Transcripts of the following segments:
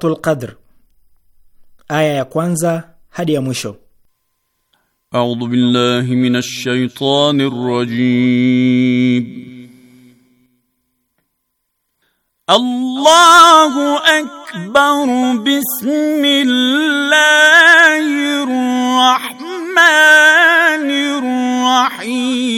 Suratul Qadr aya ya kwanza hadi ya mwisho. A'udhu billahi minash shaitanir rajim. الله أكبر بسم الله الرحمن الرحيم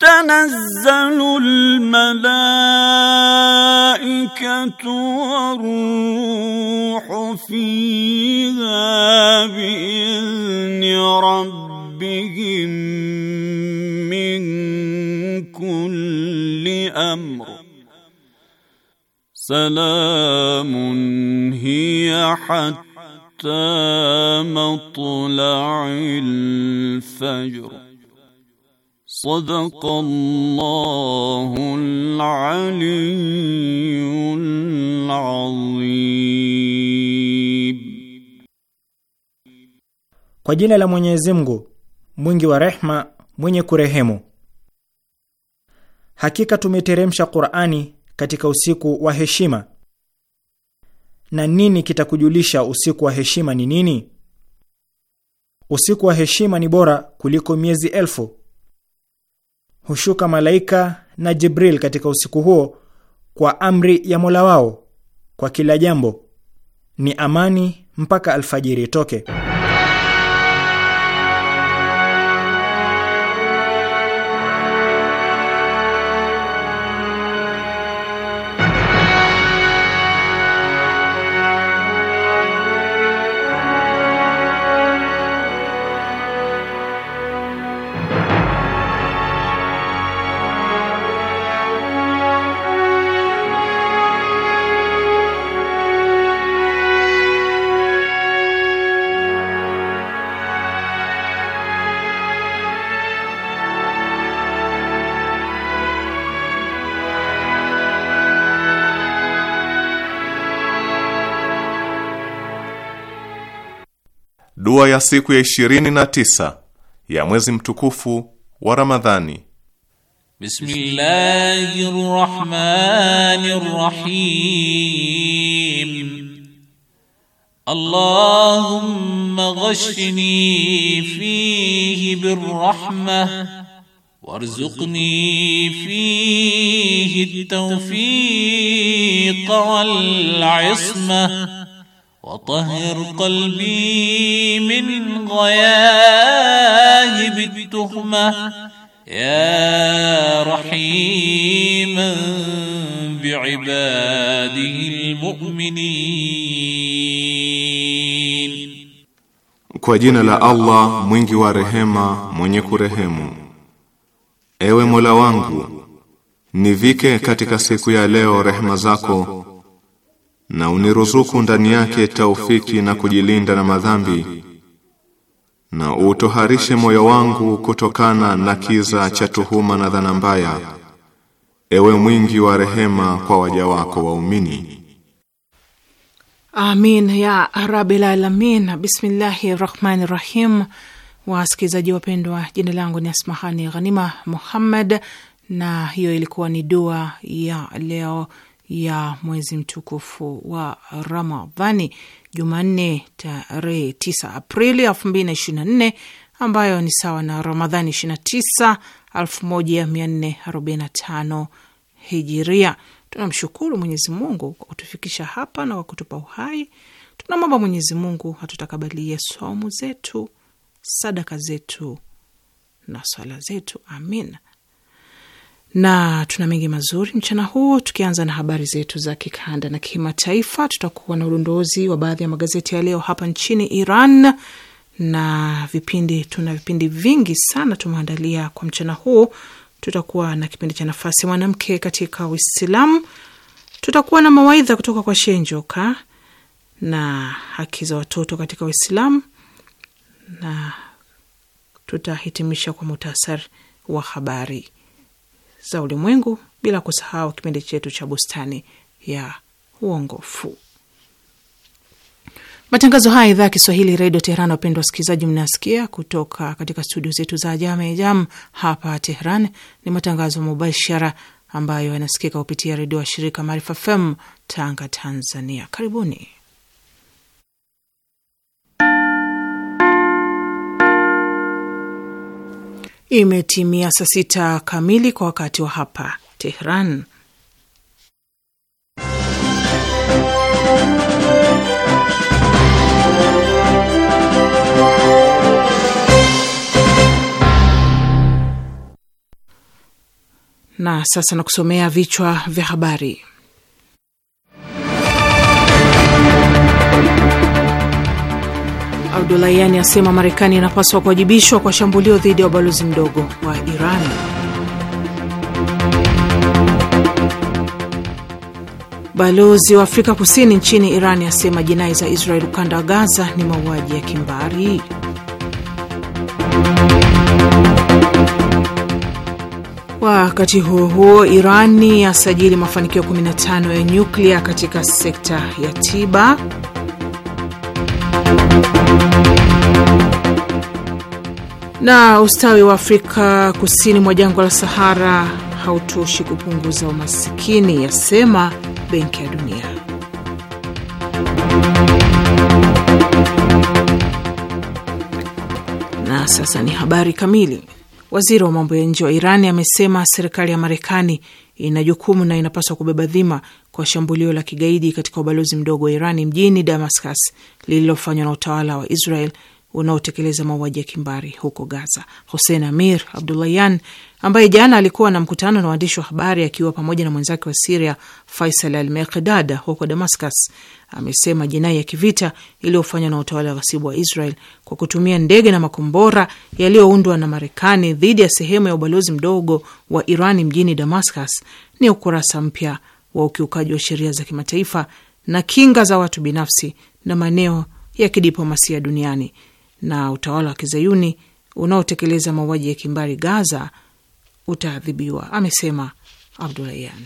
تنزل الملائكة والروح فيها بإذن ربهم من كل أمر سلام هي حتى مطلع الفجر صدق الله العلي العظيم. Kwa jina la Mwenyezi Mungu mwingi wa rehma mwenye kurehemu. Hakika tumeteremsha Qur'ani katika usiku wa heshima. Na nini kitakujulisha usiku wa heshima ni nini? Usiku wa heshima ni bora kuliko miezi elfu hushuka malaika na Jibril katika usiku huo kwa amri ya Mola wao kwa kila jambo. Ni amani mpaka alfajiri itoke. Dua ya siku ya 29 ya mwezi mtukufu wa Ramadhani. Bismillahirrahmanirrahim. Allahumma ghashni fihi birrahma warzuqni fihi at-tawfiq wal-'ismah وطهر قلبي من غياهب التهمة يا رحيما بعباده المؤمنين kwa jina la Allah mwingi wa rehema mwenye kurehemu. Ewe Mola wangu, nivike katika siku ya leo rehema zako na uniruzuku ndani yake taufiki na kujilinda na madhambi na utoharishe moyo wangu kutokana na kiza cha tuhuma na dhana mbaya ewe mwingi wa rehema kwa waja wako waumini amin ya rabbil alamin bismillahir rahmanir rahim wasikilizaji wapendwa jina langu ni asmahani ghanima muhammad na hiyo ilikuwa ni dua ya leo ya mwezi mtukufu wa Ramadhani, Jumanne tarehe 9 Aprili 2024 ambayo ni sawa na Ramadhani 29 1445 Hijiria. Tunamshukuru Mwenyezi Mungu kwa kutufikisha hapa na kwa kutupa uhai. Tunamwomba Mwenyezi Mungu hatutakabalie somu zetu, sadaka zetu na swala zetu. Amina na tuna mengi mazuri mchana huu, tukianza na habari zetu za kikanda na kimataifa. Tutakuwa na udondozi wa baadhi ya magazeti ya leo hapa nchini Iran na vipindi. Tuna vipindi vingi sana tumeandalia kwa mchana huu. Tutakuwa na kipindi cha nafasi mwanamke katika Uislamu, tutakuwa na mawaidha kutoka kwa Shenjoka na haki za watoto katika Uislamu, na tutahitimisha kwa muhtasari wa habari za ulimwengu, bila kusahau kipindi chetu cha bustani ya uongofu. Matangazo haya idhaa ya Kiswahili redio Teheran. Wapendwa wasikilizaji, mnasikia kutoka katika studio zetu za Jame Jam hapa Tehran. Ni matangazo mubashara ambayo yanasikika kupitia redio wa shirika Maarifa FM Tanga, Tanzania. Karibuni. Imetimia saa sita kamili kwa wakati wa hapa Tehran. Na sasa nakusomea vichwa vya habari. Abdulayani asema Marekani inapaswa kuwajibishwa kwa shambulio dhidi ya ubalozi mdogo wa Iran. Balozi wa Afrika Kusini nchini Iran asema jinai za Israel ukanda wa Gaza ni mauaji ya kimbari. Wakati huo huo, Irani yasajili mafanikio 15 ya nyuklia katika sekta ya tiba. na ustawi wa Afrika kusini mwa jangwa la Sahara hautoshi kupunguza umasikini, yasema Benki ya Dunia. Na sasa ni habari kamili. Waziri wa mambo ya nje wa Irani amesema serikali ya Marekani ina jukumu na inapaswa kubeba dhima kwa shambulio la kigaidi katika ubalozi mdogo wa Irani mjini Damascus lililofanywa na utawala wa Israel unaotekeleza mauaji ya kimbari huko Gaza. Hussein Amir Abdulayan, ambaye jana alikuwa na mkutano na waandishi wa habari akiwa pamoja na mwenzake wa Siria Faisal Al Mekdad huko Damascus, amesema jinai ya kivita iliyofanywa na utawala wa ghasibu wa Israel kwa kutumia ndege na makombora yaliyoundwa na Marekani dhidi ya sehemu ya ubalozi mdogo wa Irani mjini Damascus ni ukurasa mpya wa ukiukaji wa sheria za kimataifa na kinga za watu binafsi na maeneo ya kidiplomasia duniani na utawala wa kizayuni unaotekeleza mauaji ya kimbari Gaza utaadhibiwa, amesema Abdulayan.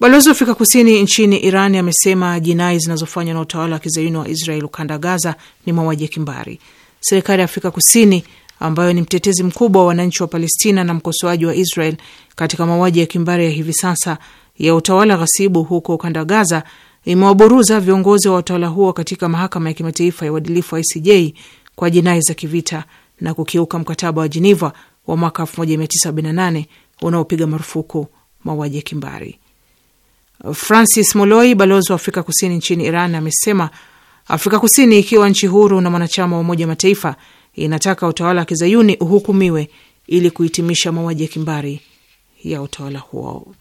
Balozi wa Afrika Kusini nchini Iran amesema jinai zinazofanywa na utawala wa kizayuni wa Israel ukanda Gaza ni mauaji ya kimbari. Serikali ya Afrika Kusini ambayo ni mtetezi mkubwa wa wananchi wa Palestina na mkosoaji wa Israel katika mauaji ya kimbari ya hivi sasa ya utawala ghasibu huko ukanda Gaza imewaburuza viongozi wa utawala huo katika mahakama ya kimataifa ya uadilifu wa ICJ kwa jinai za kivita na kukiuka mkataba wa Geneva wa mwaka 1978 unaopiga marufuku mauaji ya kimbari. Francis Moloi, balozi wa Afrika Kusini nchini Iran, amesema Afrika Kusini, ikiwa nchi huru na mwanachama wa Umoja wa Mataifa, inataka utawala wa kizayuni uhukumiwe ili kuhitimisha mauaji ya kimbari ya utawala huo.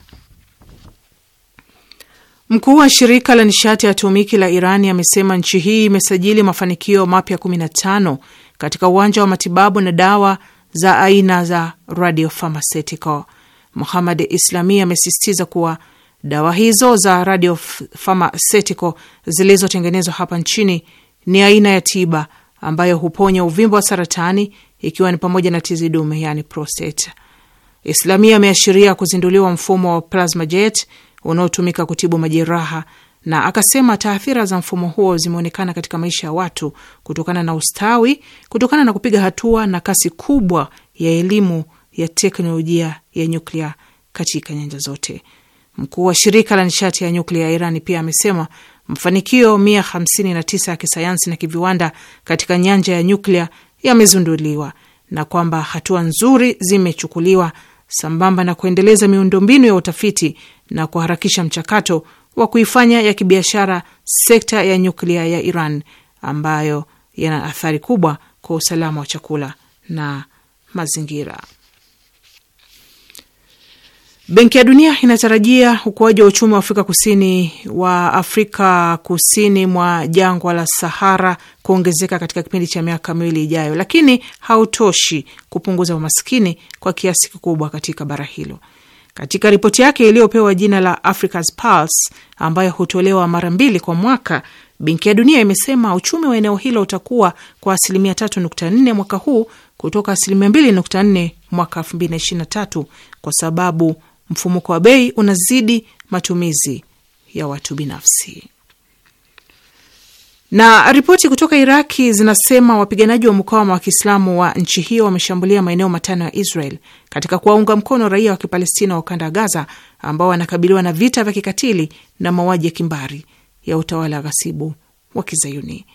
Mkuu wa shirika la nishati ya atomiki la Irani amesema nchi hii imesajili mafanikio mapya 15 katika uwanja wa matibabu na dawa za aina za radiopharmaceutical. Muhamad Islami amesisitiza kuwa dawa hizo za radiopharmaceutical zilizotengenezwa hapa nchini ni aina ya tiba ambayo huponya uvimbo wa saratani ikiwa ni pamoja na tizi dume, yani prostate. Islamia ameashiria kuzinduliwa mfumo wa plasma jet unaotumika kutibu majeraha, na akasema taathira za mfumo huo zimeonekana katika maisha ya watu kutokana na ustawi, kutokana na kupiga hatua na kasi kubwa ya elimu ya teknolojia ya nyuklia katika nyanja zote. Mkuu wa shirika la nishati ya nyuklia ya Irani pia amesema mafanikio 159 ya kisayansi na kiviwanda katika nyanja ya nyuklia yamezunduliwa na kwamba hatua nzuri zimechukuliwa sambamba na kuendeleza miundombinu ya utafiti na kuharakisha mchakato wa kuifanya ya kibiashara sekta ya nyuklia ya Iran ambayo yana athari kubwa kwa usalama wa chakula na mazingira. Benki ya Dunia inatarajia ukuaji wa uchumi wa Afrika Kusini wa Afrika kusini mwa jangwa la Sahara kuongezeka katika kipindi cha miaka miwili ijayo, lakini hautoshi kupunguza umaskini kwa kiasi kikubwa katika bara hilo. Katika ripoti yake iliyopewa jina la Africa's Pulse ambayo hutolewa mara mbili kwa mwaka, Benki ya Dunia imesema uchumi wa eneo hilo utakuwa kwa asilimia 3.4 mwaka huu kutoka asilimia 2.4 mwaka 2023 kwa sababu mfumuko wa bei unazidi matumizi ya watu binafsi. Na ripoti kutoka Iraki zinasema wapiganaji wa mukawama wa Kiislamu wa nchi hiyo wameshambulia maeneo matano ya Israel katika kuwaunga mkono raia wa Kipalestina wa ukanda wa Gaza ambao wanakabiliwa na vita vya kikatili na mauaji ya kimbari ya utawala ghasibu wa Kizayuni.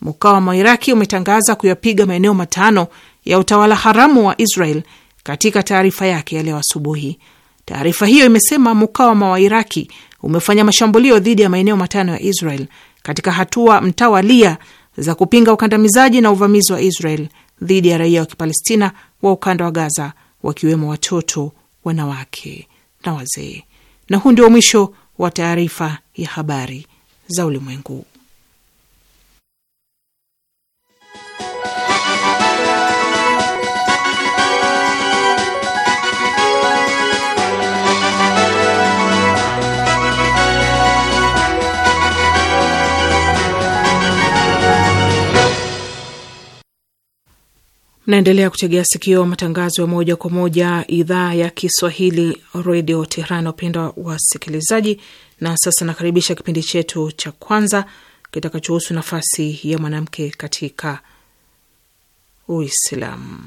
Mukawama wa Iraki umetangaza kuyapiga maeneo matano ya utawala haramu wa Israel katika taarifa yake ya leo asubuhi. Taarifa hiyo imesema mukawama wa Iraki umefanya mashambulio dhidi ya maeneo matano ya Israel katika hatua mtawalia za kupinga ukandamizaji na uvamizi wa Israel dhidi ya raia wa Kipalestina wa ukanda wa Gaza, wakiwemo watoto, wanawake na wazee. Na huu ndio mwisho wa taarifa ya habari za ulimwengu. Naendelea kutegea sikio matangazo ya moja kwa moja idhaa ya Kiswahili redio Tehran, wapendwa wasikilizaji. Na sasa nakaribisha kipindi chetu cha kwanza kitakachohusu nafasi ya mwanamke katika Uislamu.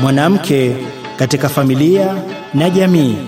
Mwanamke katika familia na jamii.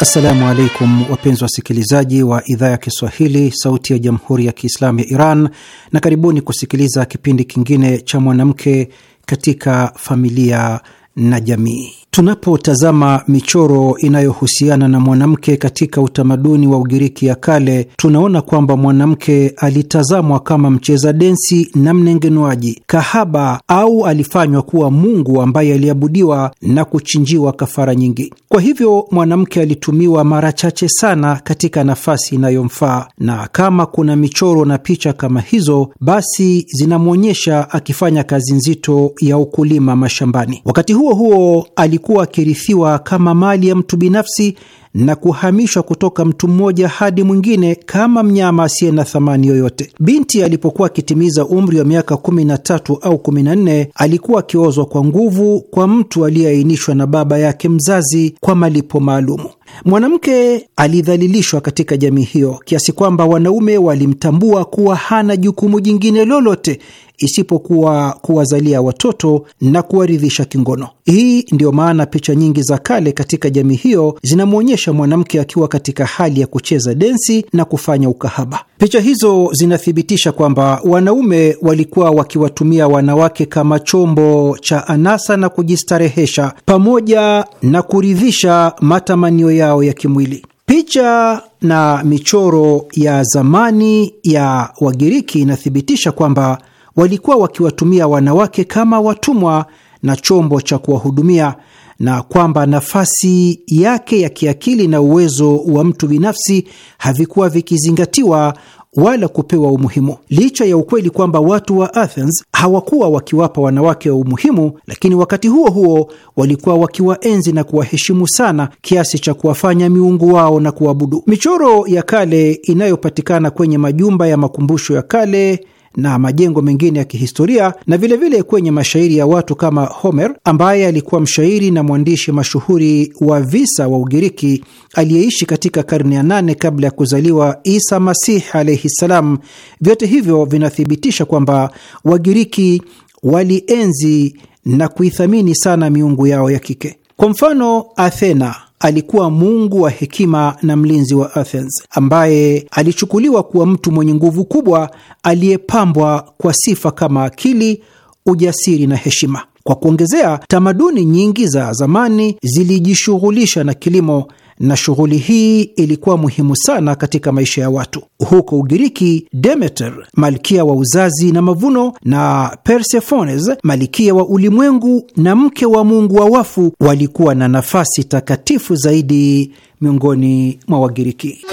Assalamu alaikum wapenzi wasikilizaji wa idhaa ya Kiswahili, sauti ya jamhuri ya kiislamu ya Iran, na karibuni kusikiliza kipindi kingine cha mwanamke katika familia na jamii. Tunapotazama michoro inayohusiana na mwanamke katika utamaduni wa Ugiriki ya kale, tunaona kwamba mwanamke alitazamwa kama mcheza densi na mnengenuaji, kahaba, au alifanywa kuwa mungu ambaye aliabudiwa na kuchinjiwa kafara nyingi. Kwa hivyo mwanamke alitumiwa mara chache sana katika nafasi inayomfaa, na kama kuna michoro na picha kama hizo, basi zinamwonyesha akifanya kazi nzito ya ukulima mashambani. Wakati huo huo ali alikuwa akirithiwa kama mali ya mtu binafsi na kuhamishwa kutoka mtu mmoja hadi mwingine kama mnyama asiye na thamani yoyote. Binti alipokuwa akitimiza umri wa miaka kumi na tatu au kumi na nne alikuwa akiozwa kwa nguvu kwa mtu aliyeainishwa na baba yake mzazi kwa malipo maalumu. Mwanamke alidhalilishwa katika jamii hiyo kiasi kwamba wanaume walimtambua kuwa hana jukumu jingine lolote isipokuwa kuwazalia watoto na kuwaridhisha kingono. Hii ndiyo maana picha nyingi za kale katika jamii hiyo zinamwonyesha mwanamke akiwa katika hali ya kucheza densi na kufanya ukahaba. Picha hizo zinathibitisha kwamba wanaume walikuwa wakiwatumia wanawake kama chombo cha anasa na kujistarehesha pamoja na kuridhisha matamanio yao ya kimwili. Picha na michoro ya zamani ya Wagiriki inathibitisha kwamba walikuwa wakiwatumia wanawake kama watumwa na chombo cha kuwahudumia na kwamba nafasi yake ya kiakili na uwezo wa mtu binafsi havikuwa vikizingatiwa wala kupewa umuhimu. Licha ya ukweli kwamba watu wa Athens hawakuwa wakiwapa wanawake wa umuhimu, lakini wakati huo huo walikuwa wakiwaenzi na kuwaheshimu sana kiasi cha kuwafanya miungu wao na kuabudu. Michoro ya kale inayopatikana kwenye majumba ya makumbusho ya kale na majengo mengine ya kihistoria na vilevile vile kwenye mashairi ya watu kama Homer ambaye alikuwa mshairi na mwandishi mashuhuri wa visa wa Ugiriki aliyeishi katika karne ya nane kabla ya kuzaliwa Isa Masih alaihi ssalam. Vyote hivyo vinathibitisha kwamba Wagiriki walienzi na kuithamini sana miungu yao ya kike. Kwa mfano, Athena alikuwa mungu wa hekima na mlinzi wa Athens, ambaye alichukuliwa kuwa mtu mwenye nguvu kubwa aliyepambwa kwa sifa kama akili, ujasiri na heshima. Kwa kuongezea, tamaduni nyingi za zamani zilijishughulisha na kilimo na shughuli hii ilikuwa muhimu sana katika maisha ya watu. Huko Ugiriki, Demeter, malkia wa uzazi na mavuno, na Persefones, malkia wa ulimwengu na mke wa mungu wa wafu, walikuwa na nafasi takatifu zaidi miongoni mwa Wagiriki.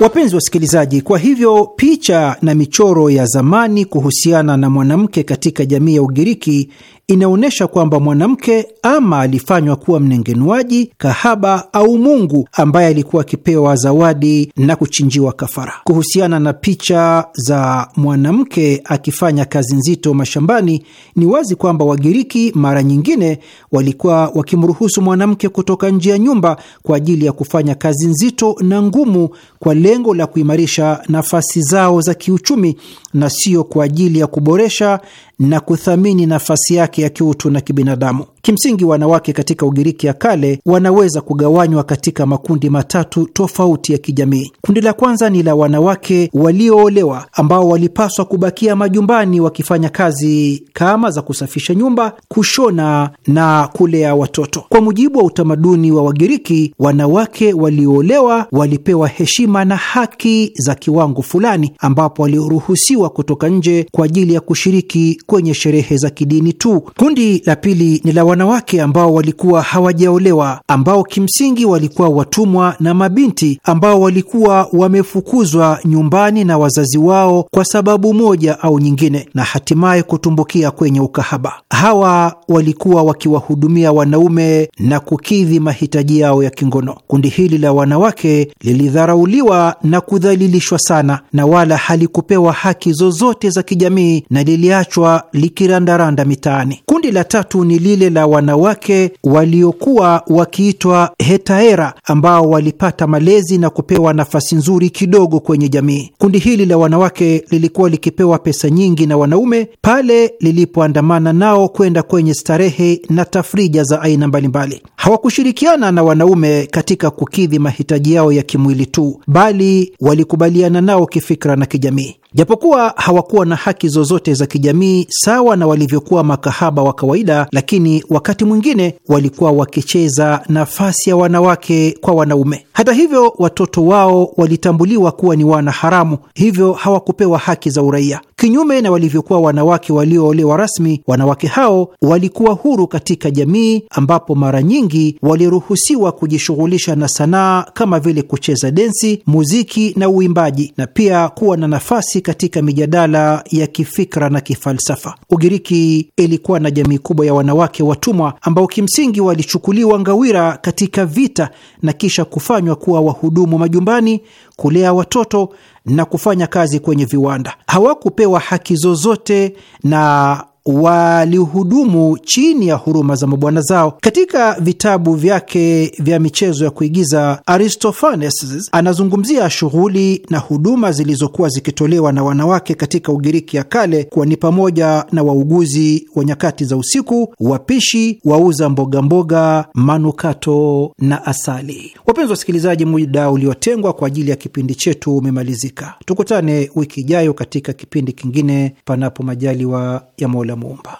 Wapenzi wasikilizaji, kwa hivyo picha na michoro ya zamani kuhusiana na mwanamke katika jamii ya Ugiriki inaonyesha kwamba mwanamke ama alifanywa kuwa mnengenuaji, kahaba au mungu ambaye alikuwa akipewa zawadi na kuchinjiwa kafara. Kuhusiana na picha za mwanamke akifanya kazi nzito mashambani, ni wazi kwamba Wagiriki mara nyingine walikuwa wakimruhusu mwanamke kutoka nje ya nyumba kwa ajili ya kufanya kazi nzito na ngumu kwa lengo la kuimarisha nafasi zao za kiuchumi na sio kwa ajili ya kuboresha na kuthamini nafasi yake ya kiutu na kibinadamu. Kimsingi, wanawake katika Ugiriki ya kale wanaweza kugawanywa katika makundi matatu tofauti ya kijamii. Kundi la kwanza ni la wanawake walioolewa ambao walipaswa kubakia majumbani wakifanya kazi kama za kusafisha nyumba, kushona na kulea watoto. Kwa mujibu wa utamaduni wa Wagiriki, wanawake walioolewa walipewa heshima na haki za kiwango fulani, ambapo waliruhusiwa kutoka nje kwa ajili ya kushiriki kwenye sherehe za kidini tu. Kundi la pili ni la wanawake ambao walikuwa hawajaolewa, ambao kimsingi walikuwa watumwa na mabinti ambao walikuwa wamefukuzwa nyumbani na wazazi wao kwa sababu moja au nyingine, na hatimaye kutumbukia kwenye ukahaba. Hawa walikuwa wakiwahudumia wanaume na kukidhi mahitaji yao ya kingono. Kundi hili la wanawake lilidharauliwa na kudhalilishwa sana na wala halikupewa haki zozote za kijamii na liliachwa likirandaranda mitaani. Kundi la tatu ni lile la la wanawake waliokuwa wakiitwa hetaera ambao walipata malezi na kupewa nafasi nzuri kidogo kwenye jamii. Kundi hili la wanawake lilikuwa likipewa pesa nyingi na wanaume pale lilipoandamana nao kwenda kwenye starehe na tafrija za aina mbalimbali. Hawakushirikiana na wanaume katika kukidhi mahitaji yao ya kimwili tu, bali walikubaliana nao kifikra na kijamii. Japokuwa hawakuwa na haki zozote za kijamii sawa na walivyokuwa makahaba wa kawaida, lakini wakati mwingine walikuwa wakicheza nafasi ya wanawake kwa wanaume. Hata hivyo, watoto wao walitambuliwa kuwa ni wana haramu, hivyo hawakupewa haki za uraia. Kinyume na walivyokuwa wanawake walioolewa rasmi, wanawake hao walikuwa huru katika jamii, ambapo mara nyingi waliruhusiwa kujishughulisha na sanaa kama vile kucheza densi, muziki na uimbaji, na pia kuwa na nafasi katika mijadala ya kifikra na kifalsafa. Ugiriki ilikuwa na jamii kubwa ya wanawake watumwa ambao kimsingi walichukuliwa ngawira katika vita na kisha kufanywa kuwa wahudumu majumbani kulea watoto na kufanya kazi kwenye viwanda. Hawakupewa haki zozote na walihudumu chini ya huruma za mabwana zao. Katika vitabu vyake vya michezo ya kuigiza, Aristophanes anazungumzia shughuli na huduma zilizokuwa zikitolewa na wanawake katika Ugiriki ya kale, kuwa ni pamoja na wauguzi wa nyakati za usiku, wapishi, wauza mboga mboga, manukato na asali. Wapenzi wasikilizaji, muda uliotengwa kwa ajili ya kipindi chetu umemalizika. Tukutane wiki ijayo katika kipindi kingine, panapo majaliwa ya Mola. Muumba.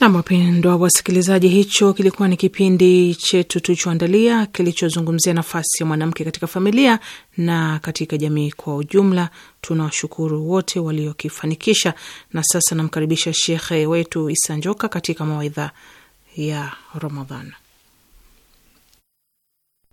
Nam, wapendwa wasikilizaji, hicho kilikuwa ni kipindi chetu tulichoandalia kilichozungumzia nafasi ya mwanamke katika familia na katika jamii kwa ujumla. Tunawashukuru wote waliokifanikisha, na sasa namkaribisha shekhe wetu Isa Njoka katika mawaidha يا رمضان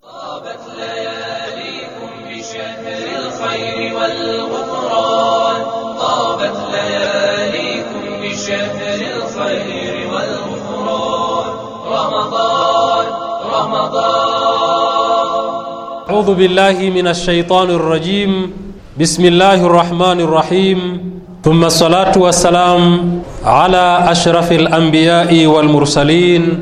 طابت لياليكم بشهر الخير والغفران طابت لياليكم بشهر الخير والغفران رمضان رمضان أعوذ بالله من الشيطان الرجيم بسم الله الرحمن الرحيم ثم الصلاة والسلام على أشرف الأنبياء والمرسلين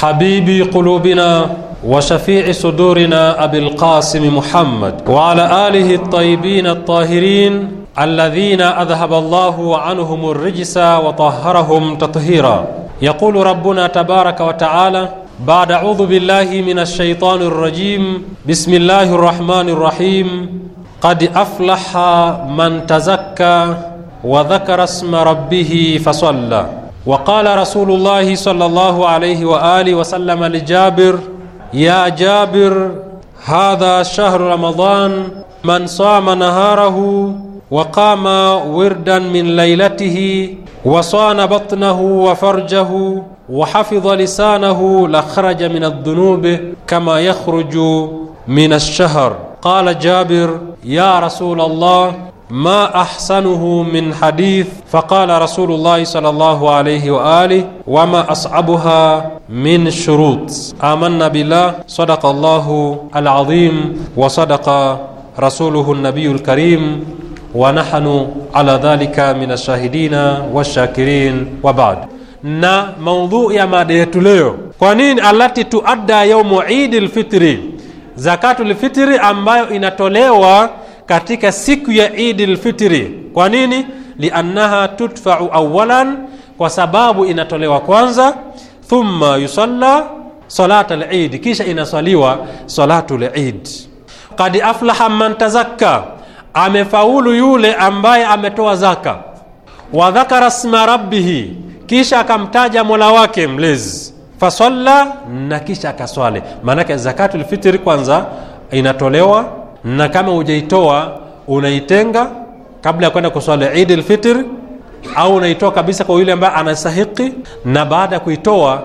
حبيب قلوبنا وشفيع صدورنا أبي القاسم محمد وعلى آله الطيبين الطاهرين الذين أذهب الله عنهم الرجس وطهرهم تطهيرا يقول ربنا تبارك وتعالى بعد أعوذ بالله من الشيطان الرجيم بسم الله الرحمن الرحيم قد أفلح من تزكى وذكر اسم ربه فصلى وقال رسول الله صلى الله عليه وآله وسلم لجابر يا جابر هذا شهر رمضان من صام نهاره وقام وردا من ليلته وصان بطنه وفرجه وحفظ لسانه لخرج من الذنوب كما يخرج من الشهر قال جابر يا رسول الله ما أحسنه من حديث فقال رسول الله صلى الله عليه وآله وما أصعبها من شروط آمنا بالله صدق الله العظيم وصدق رسوله النبي الكريم ونحن على ذلك من الشاهدين والشاكرين وبعد نا موضوع ya mada yetu leo kwa nini alati tuadda yaumu idi lfitri zakatu katika siku ya idi lfitri kwa nini liannaha tudfau awalan kwa sababu inatolewa kwanza thumma yusalla salat lidi kisha inaswaliwa salatu lidi qad aflaha man tazakka amefaulu yule ambaye ametoa zaka wa dhakara sma rabbihi kisha akamtaja mola wake mlezi fasalla na kisha akaswali maanake zakatu lfitri kwanza inatolewa na kama hujaitoa unaitenga kabla ya kwenda kuswali idi lfitri au unaitoa kabisa kwa yule ambaye anastahiki na baada ya kuitoa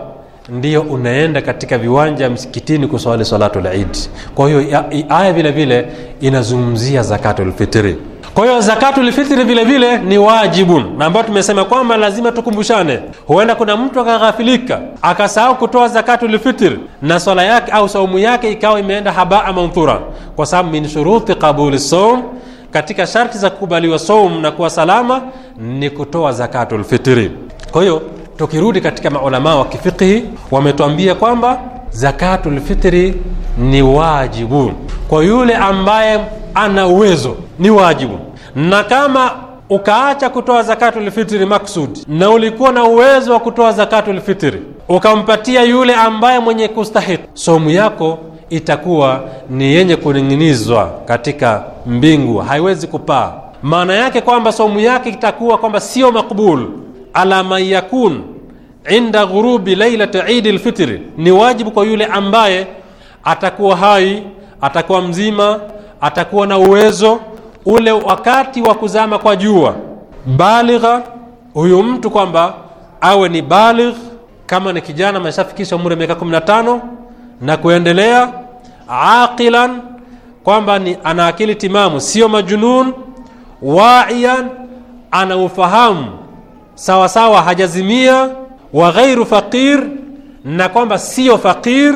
ndiyo unaenda katika viwanja msikitini kuswali salatu lidi kwa hiyo aya vile vile inazungumzia zakatu lfitri kwa hiyo zakatul fitri vile vile ni wajibu ambao tumesema kwamba lazima tukumbushane. Huenda kuna mtu akaghafilika akasahau kutoa zakatul fitri na swala yake au saumu yake ikawa imeenda habaa mandhura kwa sababu min shuruti qabuli saum, katika sharti za kukubaliwa saum na kuwa salama ni kutoa zakatul fitri. Kwa hiyo tukirudi katika maulamaa wa kifiqhi wametuambia kwamba zakatul fitri ni wajibu kwa yule ambaye ana uwezo ni wajibu na kama ukaacha kutoa zakatul fitri maksudi na ulikuwa na uwezo wa kutoa zakatul fitri ukampatia yule ambaye mwenye kustahiki somu yako itakuwa ni yenye kuning'inizwa katika mbingu haiwezi kupaa maana yake kwamba somu yake itakuwa kwamba sio makbul ala man yakun inda ghurubi lailati idi lfitri, ni wajibu kwa yule ambaye atakuwa hai, atakuwa mzima, atakuwa na uwezo ule wakati wa kuzama kwa jua. Baligha huyu mtu kwamba awe ni baligh, kama ni kijana ameshafikisha umri wa miaka 15 na kuendelea, aqilan kwamba ni ana akili timamu, sio majunun, waian, ana ufahamu sawasawa, hajazimia wa ghairu faqir, na kwamba siyo faqir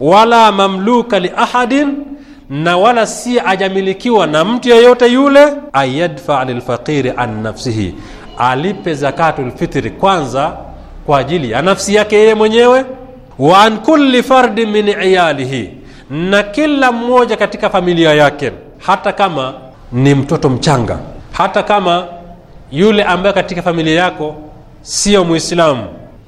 wala mamluka li ahadin, na wala si ajamilikiwa na mtu yeyote yule. Ayadfa lilfaqiri an nafsihi, alipe zakatu lfitri kwanza kwa ajili ya nafsi yake yeye mwenyewe. Wa an kulli fardin min iyalihi, na kila mmoja katika familia yake, hata kama ni mtoto mchanga, hata kama yule ambaye katika familia yako siyo Muislamu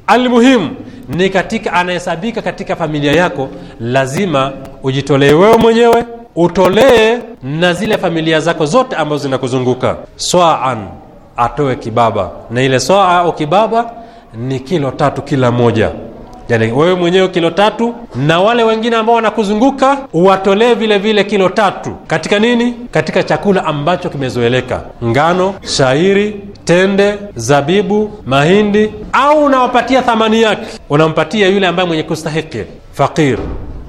almuhimu ni katika anahesabika katika familia yako lazima ujitolee wewe mwenyewe utolee na zile familia zako zote ambazo zinakuzunguka swaan atoe kibaba na ile swaa au kibaba ni kilo tatu kila moja Yaani, wewe mwenyewe kilo tatu na wale wengine ambao wanakuzunguka uwatolee vile vile kilo tatu katika nini katika chakula ambacho kimezoeleka ngano shairi tende zabibu mahindi au unawapatia thamani yake unampatia yule ambaye mwenye kustahiki fakir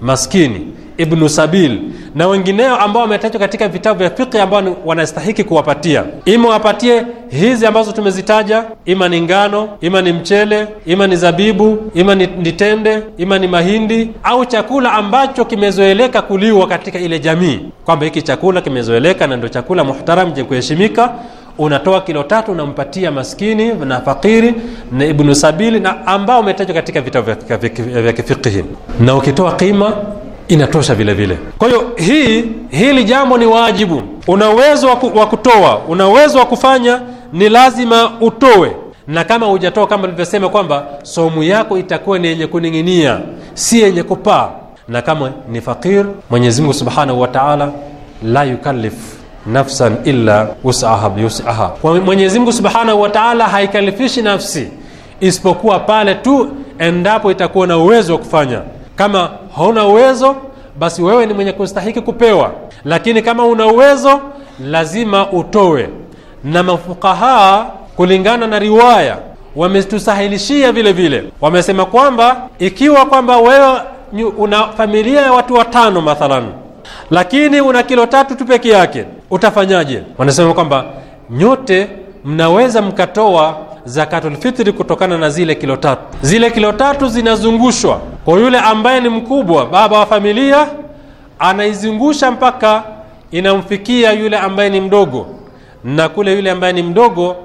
maskini ibnu sabil na wengineo ambao wametajwa katika vitabu vya fiqhi ambao wanastahiki kuwapatia, ima wapatie hizi ambazo tumezitaja, ima ni ngano, ima ni mchele, ima ni zabibu, ima ni, tende, ima ni mahindi au chakula ambacho kimezoeleka kuliwa katika ile jamii, kwamba hiki chakula kimezoeleka na ndio chakula muhtaram je kuheshimika unatoa kilo tatu unampatia maskini na fakiri na ibnu sabili na ambao umetajwa katika vitabu vya kifikihi, na ukitoa qima inatosha vile vile. Kwa hiyo hii hili jambo ni wajibu, una uwezo wa kutoa, una uwezo wa kufanya, ni lazima utoe na kama hujatoa, kama nilivyosema kwamba somu yako itakuwa ni yenye kuning'inia, si yenye kupaa. Na kama ni fakir, Mwenyezi Mungu subhanahu wa taala, la yukallif nafsan illa wusaha biusaha, kwa Mwenyezi Mungu subhanahu wa taala haikalifishi nafsi isipokuwa pale tu endapo itakuwa na uwezo wa kufanya kama hauna uwezo basi wewe ni mwenye kustahiki kupewa lakini kama una uwezo lazima utowe na mafukahaa kulingana na riwaya wametusahilishia vile vile wamesema kwamba ikiwa kwamba wewe una familia ya watu watano mathalan lakini una kilo tatu tu peke yake utafanyaje wanasema kwamba nyote mnaweza mkatoa zakatulfitri kutokana na zile kilo tatu zile kilo tatu zinazungushwa kwa yule ambaye ni mkubwa, baba wa familia, anaizungusha mpaka inamfikia yule ambaye ni mdogo, na kule yule ambaye ni mdogo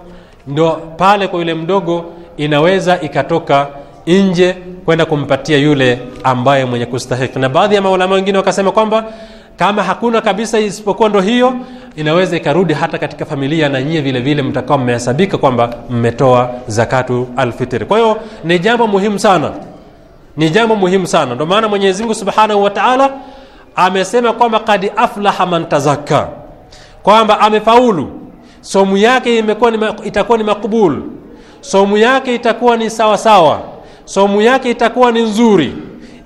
ndo pale kwa yule mdogo inaweza ikatoka nje kwenda kumpatia yule ambaye mwenye kustahiki. Na baadhi ya maulama wengine wakasema kwamba kama hakuna kabisa isipokuwa ndo hiyo, inaweza ikarudi hata katika familia, na nyie vile vile mtakuwa mmehesabika kwamba mmetoa zakatu alfitiri. Kwa hiyo ni jambo muhimu sana ni jambo muhimu sana ndio maana mwenyezi mungu subhanahu wa taala amesema kwamba kad aflaha man tazakka kwamba amefaulu somu yake imekuwa ni, itakuwa ni makbul somu yake itakuwa ni sawasawa sawa. somu yake itakuwa ni nzuri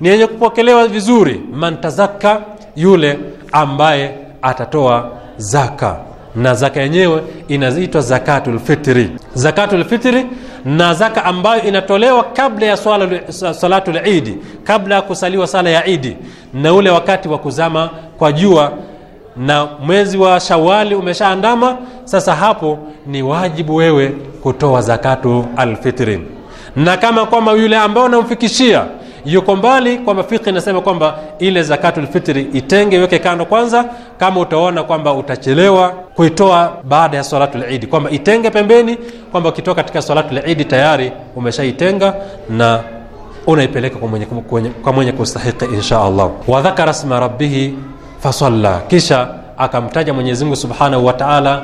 ni yenye kupokelewa vizuri man tazakka yule ambaye atatoa zaka na zaka yenyewe inaitwa zakatul fitri. Zakatul fitri na zaka ambayo inatolewa kabla ya swala salatul idi, kabla ya kusaliwa sala ya idi na ule wakati wa kuzama kwa jua na mwezi wa Shawali umeshaandama. Sasa hapo ni wajibu wewe kutoa zakatu alfitri, na kama kwamba yule ambayo unamfikishia yuko mbali kwamba fikhi inasema kwamba ile zakatu lfitri itenge iweke kando kwanza kama utaona kwamba utachelewa kuitoa baada ya salatu lidi kwamba itenge pembeni kwamba ukitoa katika salatu lidi tayari umeshaitenga na unaipeleka kwa mwenye, kwa mwenye kustahiki insha allah wadhakara sma rabihi fasalla kisha akamtaja mwenyezimngu subhanahu wataala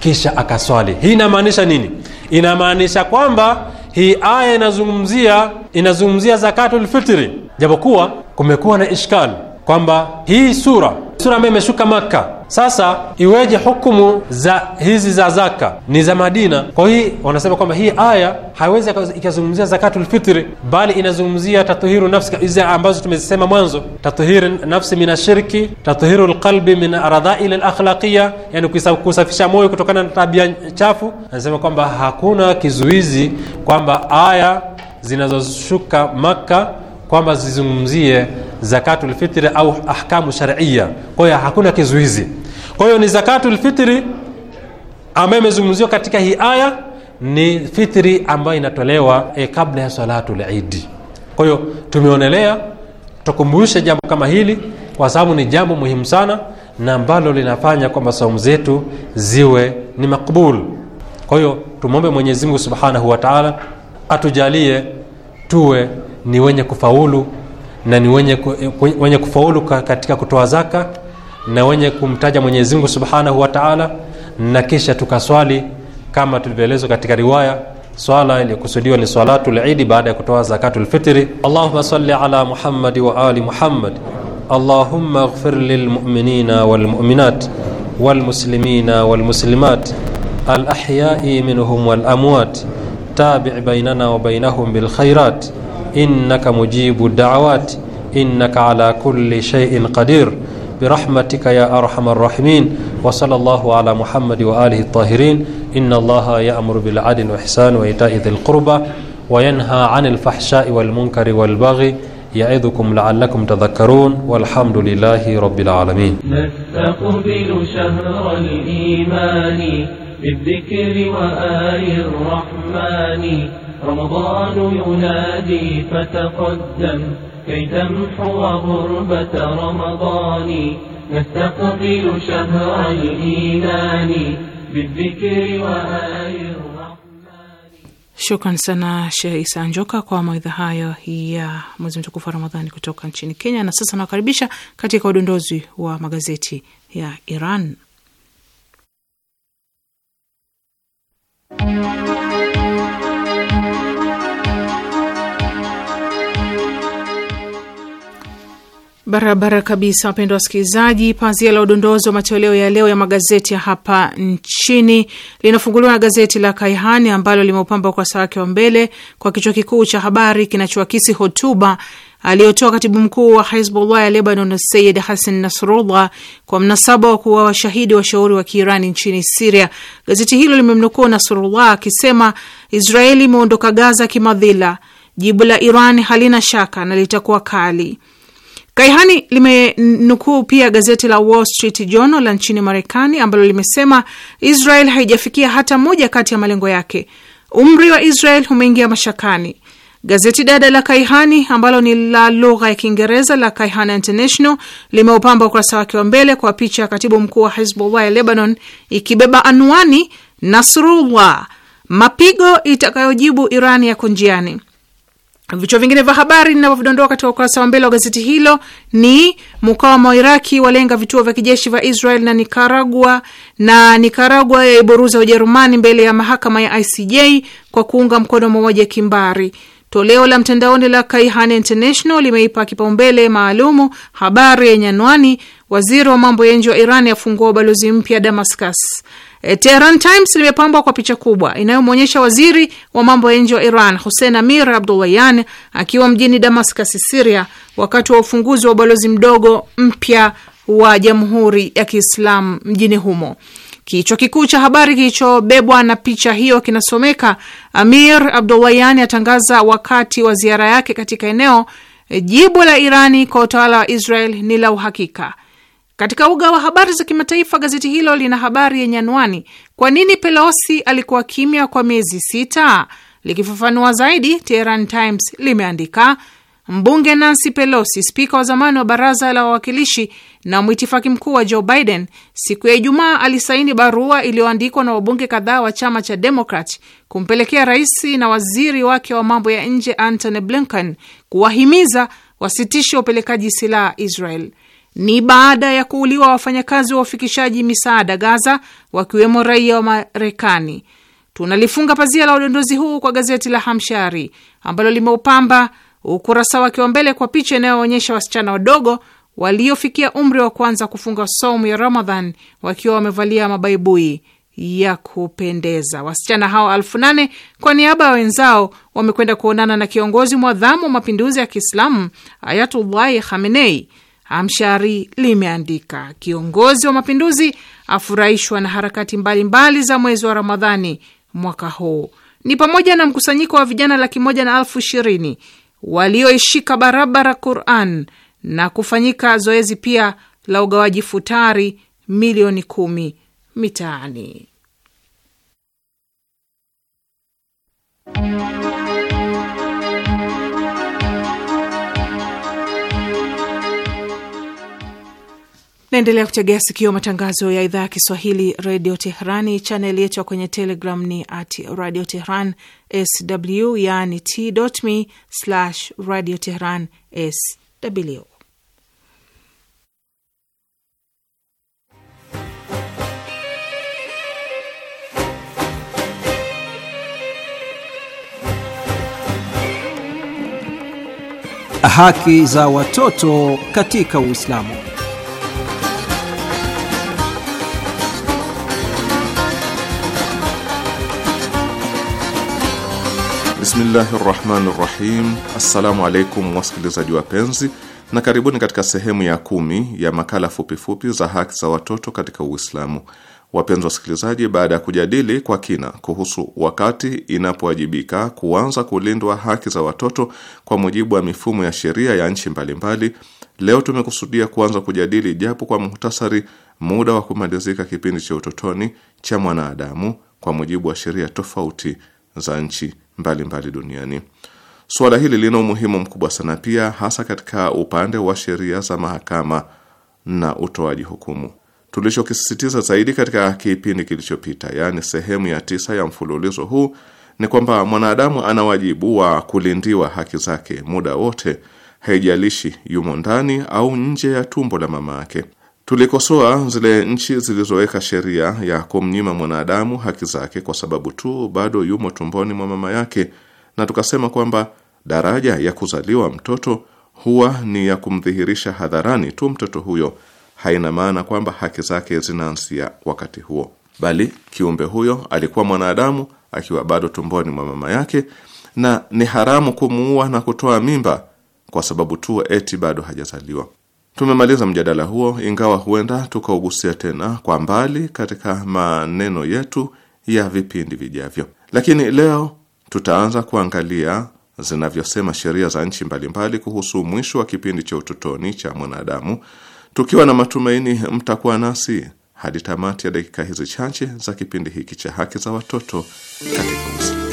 kisha akaswali hii inamaanisha nini inamaanisha kwamba hii aya inazungumzia inazungumzia zakatul fitri, japokuwa kumekuwa na ishkal kwamba hii sura sura ambayo imeshuka Makka sasa iweje hukumu za hizi za zaka ni za Madina? Kwa hii wanasema kwamba hii aya haiwezi ikazungumzia zakatul fitri, bali inazungumzia tatuhiru nafsi, hizi ambazo tumezisema mwanzo, tatuhiru nafsi min ashirki, tatuhiru lqalbi min radhaili lakhlaqia yani kusafisha moyo kutokana na tabia chafu. Anasema kwamba hakuna kizuizi kwamba aya zinazoshuka Maka kwamba zizungumzie zakatul au ahkamu sharia kwa hiyo hakuna kizuizi kwa hiyo ni zakatul ambayo imezungumziwa katika hii aya ni fitri ambayo inatolewa e, kabla ya salatu lidi kwa hiyo tumeonelea tukumbushe jambo kama hili kwa sababu ni jambo muhimu sana na ambalo linafanya kwamba saumu zetu ziwe ni makbul kwa hiyo tumwombe mwenyezimngu subhanahu wa taala atujalie tuwe ni wenye kufaulu na ni wenye, ku, wenye kufaulu katika kutoa zaka na wenye kumtaja mwenyezi mungu subhanahu wa taala na kisha tukaswali kama tulivyoelezwa katika riwaya swala iliyokusudiwa ni salatu Eid baada ya kutoa zakatu lfitri Allahumma salli ala Muhammad wa ali muhammad Allahumma ighfir lil mu'minina wal wal mu'minat muslimina wal muslimat al ahya'i minhum wal walamwat tabic bainana bil khairat إنك مجيب الدعوات إنك على كل شيء قدير برحمتك يا أرحم الراحمين وصلى الله على محمد وآله الطاهرين إن الله يأمر بالعدل والإحسان وإيتاء ذي القربى وينهى عن الفحشاء والمنكر والبغي يعظكم لعلكم تذكرون والحمد لله رب العالمين نستقبل شهر الإيمان بالذكر وآل الرحمن رمضان ينادي فتقدم كي تمحو غربة رمضان نستقبل شهر الإيمان بالذكر وآل Shukran sana sheh Isa Njoka kwa mawaidha hayo ya mwezi mtukufu wa Ramadhani kutoka nchini Kenya. Na sasa nawakaribisha katika udondozi wa magazeti ya Iran. Barabara kabisa, wapendwa wasikilizaji. Pazia la udondozi wa matoleo ya leo ya magazeti ya hapa nchini linafunguliwa na gazeti la Kaihani ambalo limeupamba ukurasa wake wa mbele kwa kichwa kikuu cha habari kinachoakisi hotuba aliyotoa katibu mkuu wa Hizbullah ya Lebanon Sayid Hassan Nasrullah kwa mnasaba wa kuwa washahidi washauri wa Kiirani nchini Siria. Gazeti hilo limemnukuu Nasrullah akisema Israeli imeondoka Gaza kimadhila, jibu la Iran halina shaka na litakuwa kali. Kaihani limenukuu pia gazeti la Wall Street Journal la nchini Marekani ambalo limesema Israel haijafikia hata moja kati ya malengo yake. Umri wa Israel umeingia mashakani. Gazeti dada la Kaihani ambalo ni la lugha ya Kiingereza la kaihan International limeupamba ukurasa wake wa mbele kwa picha ya katibu mkuu wa Hezbollah ya Lebanon ikibeba anwani Nasrullah, mapigo itakayojibu Irani yako njiani. Vichwa vingine vya habari ninavyovidondoa katika ukurasa wa mbele wa gazeti hilo ni mkawama wa Iraki walenga vituo vya kijeshi vya Israel na Nikaragua, na Nikaragua yaiburuza Ujerumani mbele ya mahakama ya ICJ kwa kuunga mkono mauaji ya kimbari. Toleo la mtandaoni la Kaihan International limeipa kipaumbele maalumu habari yenye anwani waziri wa mambo ya nje wa Iran afungua ubalozi mpya Damascus. Eh, Tehran Times limepambwa kwa picha kubwa inayomwonyesha waziri wa mambo ya nje wa Iran Hussein Amir Abdullahian akiwa mjini Damascus, Siria, wakati wa ufunguzi wa ubalozi mdogo mpya wa Jamhuri ya Kiislamu mjini humo. Kichwa kikuu cha habari kilichobebwa na picha hiyo kinasomeka Amir Abdullahian atangaza wakati wa ziara yake katika eneo, eh, jibu la Irani kwa utawala wa Israel ni la uhakika. Katika uga wa habari za kimataifa, gazeti hilo lina habari yenye anwani, kwa nini Pelosi alikuwa kimya kwa miezi sita? Likifafanua zaidi, Tehran Times limeandika mbunge Nancy Pelosi, spika wa zamani wa baraza la wawakilishi na mwitifaki mkuu wa Joe Biden, siku ya Ijumaa alisaini barua iliyoandikwa na wabunge kadhaa wa chama cha Demokrat kumpelekea rais na waziri wake wa mambo ya nje Antony Blinken kuwahimiza wasitishe upelekaji silaha Israel ni baada ya kuuliwa wafanyakazi wa ufikishaji misaada Gaza, wakiwemo raia wa Marekani. Tunalifunga pazia la udondozi huu kwa gazeti la Hamshari ambalo limeupamba ukurasa wake wa mbele kwa picha inayoonyesha wasichana wadogo waliofikia umri wa kwanza kufunga somu ya Ramadhan wakiwa wamevalia mabaibui ya kupendeza. Wasichana hao elfu nane kwa niaba ya wenzao wamekwenda kuonana na kiongozi mwadhamu wa mapinduzi ya Kiislamu Ayatullahi Khamenei Amshari limeandika kiongozi wa mapinduzi afurahishwa na harakati mbalimbali mbali za mwezi wa Ramadhani mwaka huu, ni pamoja na mkusanyiko wa vijana laki moja na elfu ishirini walioishika barabara Quran na kufanyika zoezi pia la ugawaji futari milioni kumi mitaani. Mnaendelea kutegea sikio matangazo ya idhaa ya Kiswahili Radio Teherani. Chanel yetu ya kwenye Telegram ni at radio tehran sw, yani t.me slash radio tehran sw. Haki za watoto katika Uislamu. Bismillahi rahmani rahim. Assalamu alaikum wasikilizaji wapenzi, na karibuni katika sehemu ya kumi ya makala fupifupi fupi za haki za watoto katika Uislamu. Wapenzi wasikilizaji, baada ya kujadili kwa kina kuhusu wakati inapowajibika kuanza kulindwa haki za watoto kwa mujibu wa mifumo ya sheria ya nchi mbalimbali, leo tumekusudia kuanza kujadili japo kwa muhtasari muda wa kumalizika kipindi cha utotoni cha mwanadamu kwa mujibu wa sheria tofauti za nchi mbalimbali duniani. Suala hili lina umuhimu mkubwa sana pia, hasa katika upande wa sheria za mahakama na utoaji hukumu. Tulichokisisitiza zaidi katika kipindi kilichopita, yaani sehemu ya tisa ya mfululizo huu, ni kwamba mwanadamu ana wajibu wa kulindiwa haki zake muda wote, haijalishi yumo ndani au nje ya tumbo la mama yake. Tulikosoa zile nchi zilizoweka sheria ya kumnyima mwanadamu haki zake kwa sababu tu bado yumo tumboni mwa mama yake, na tukasema kwamba daraja ya kuzaliwa mtoto huwa ni ya kumdhihirisha hadharani tu mtoto huyo, haina maana kwamba haki zake zinaanzia wakati huo, bali kiumbe huyo alikuwa mwanadamu akiwa bado tumboni mwa mama yake, na ni haramu kumuua na kutoa mimba kwa sababu tu eti bado hajazaliwa. Tumemaliza mjadala huo, ingawa huenda tukaugusia tena kwa mbali katika maneno yetu ya vipindi vijavyo, lakini leo tutaanza kuangalia zinavyosema sheria za nchi mbalimbali kuhusu mwisho wa kipindi cha utotoni cha mwanadamu, tukiwa na matumaini mtakuwa nasi hadi tamati ya dakika hizi chache za kipindi hiki cha haki za watoto katika Uislamu.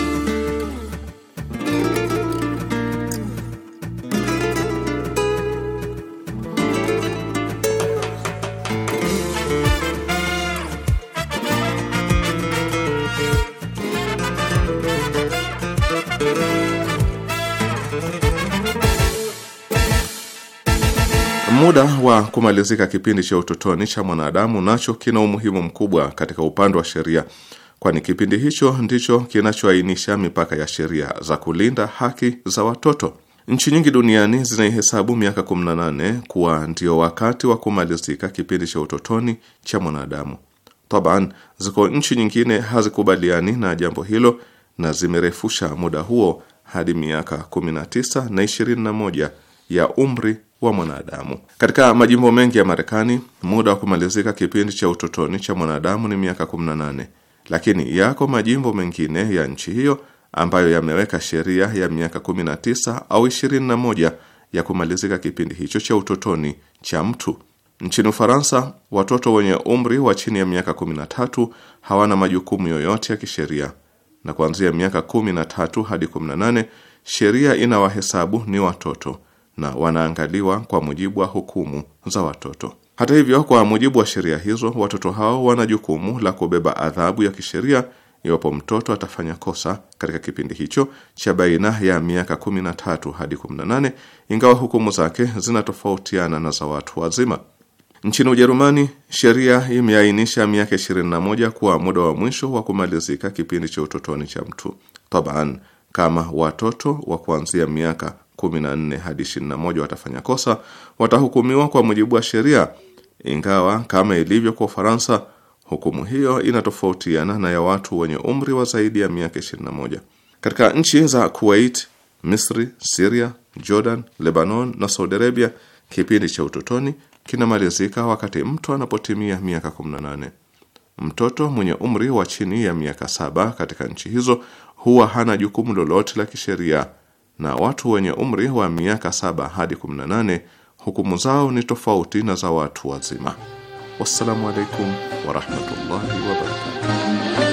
muda wa kumalizika kipindi cha utotoni cha mwanadamu nacho kina umuhimu mkubwa katika upande wa sheria, kwani kipindi hicho ndicho kinachoainisha mipaka ya sheria za kulinda haki za watoto. Nchi nyingi duniani zinaihesabu miaka 18 kuwa ndio wakati wa kumalizika kipindi cha utotoni cha mwanadamu. Taban, ziko nchi nyingine hazikubaliani na jambo hilo na zimerefusha muda huo hadi miaka 19 na 21 ya umri wa mwanadamu. Katika majimbo mengi ya Marekani, muda wa kumalizika kipindi cha utotoni cha mwanadamu ni miaka 18, lakini yako majimbo mengine ya nchi hiyo ambayo yameweka sheria ya miaka 19 au 21 ya kumalizika kipindi hicho cha utotoni cha mtu. Nchini Ufaransa, watoto wenye umri wa chini ya miaka 13 hawana majukumu yoyote ya kisheria, na kuanzia miaka 13 hadi 18 sheria inawahesabu ni watoto na wanaangaliwa kwa mujibu wa hukumu za watoto. Hata hivyo, kwa mujibu wa sheria hizo, watoto hao wana jukumu la kubeba adhabu ya kisheria iwapo mtoto atafanya kosa katika kipindi hicho cha baina ya miaka 13 hadi 18, ingawa hukumu zake zinatofautiana na za watu wazima. Nchini Ujerumani, sheria imeainisha miaka 21 kuwa muda wa mwisho wa kumalizika kipindi cha utotoni cha mtu taban, kama watoto wa kuanzia miaka 14 hadi 21 watafanya kosa watahukumiwa kwa mujibu wa sheria, ingawa kama ilivyo kwa Ufaransa, hukumu hiyo inatofautiana na ya watu wenye umri wa zaidi ya miaka 21. Katika nchi za Kuwait, Misri, Siria, Jordan, Lebanon na Saudi Arabia, kipindi cha utotoni kinamalizika wakati mtu anapotimia miaka 18. Mtoto mwenye umri wa chini ya miaka saba katika nchi hizo huwa hana jukumu lolote la kisheria na watu wenye umri wa miaka saba hadi 18 hukumu zao ni tofauti na za watu wazima. Wassalamu alaikum warahmatullahi wabarakatuh.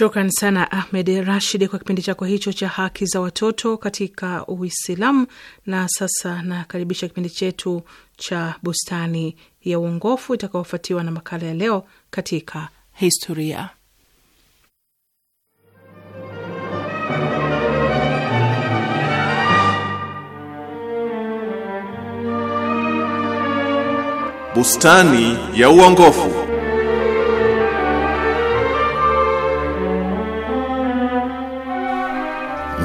Shukran sana Ahmed Rashid kwa kipindi chako hicho cha haki za watoto katika Uislamu. Na sasa nakaribisha kipindi chetu cha Bustani ya Uongofu itakaofuatiwa na makala ya Leo katika Historia. Bustani ya Uongofu.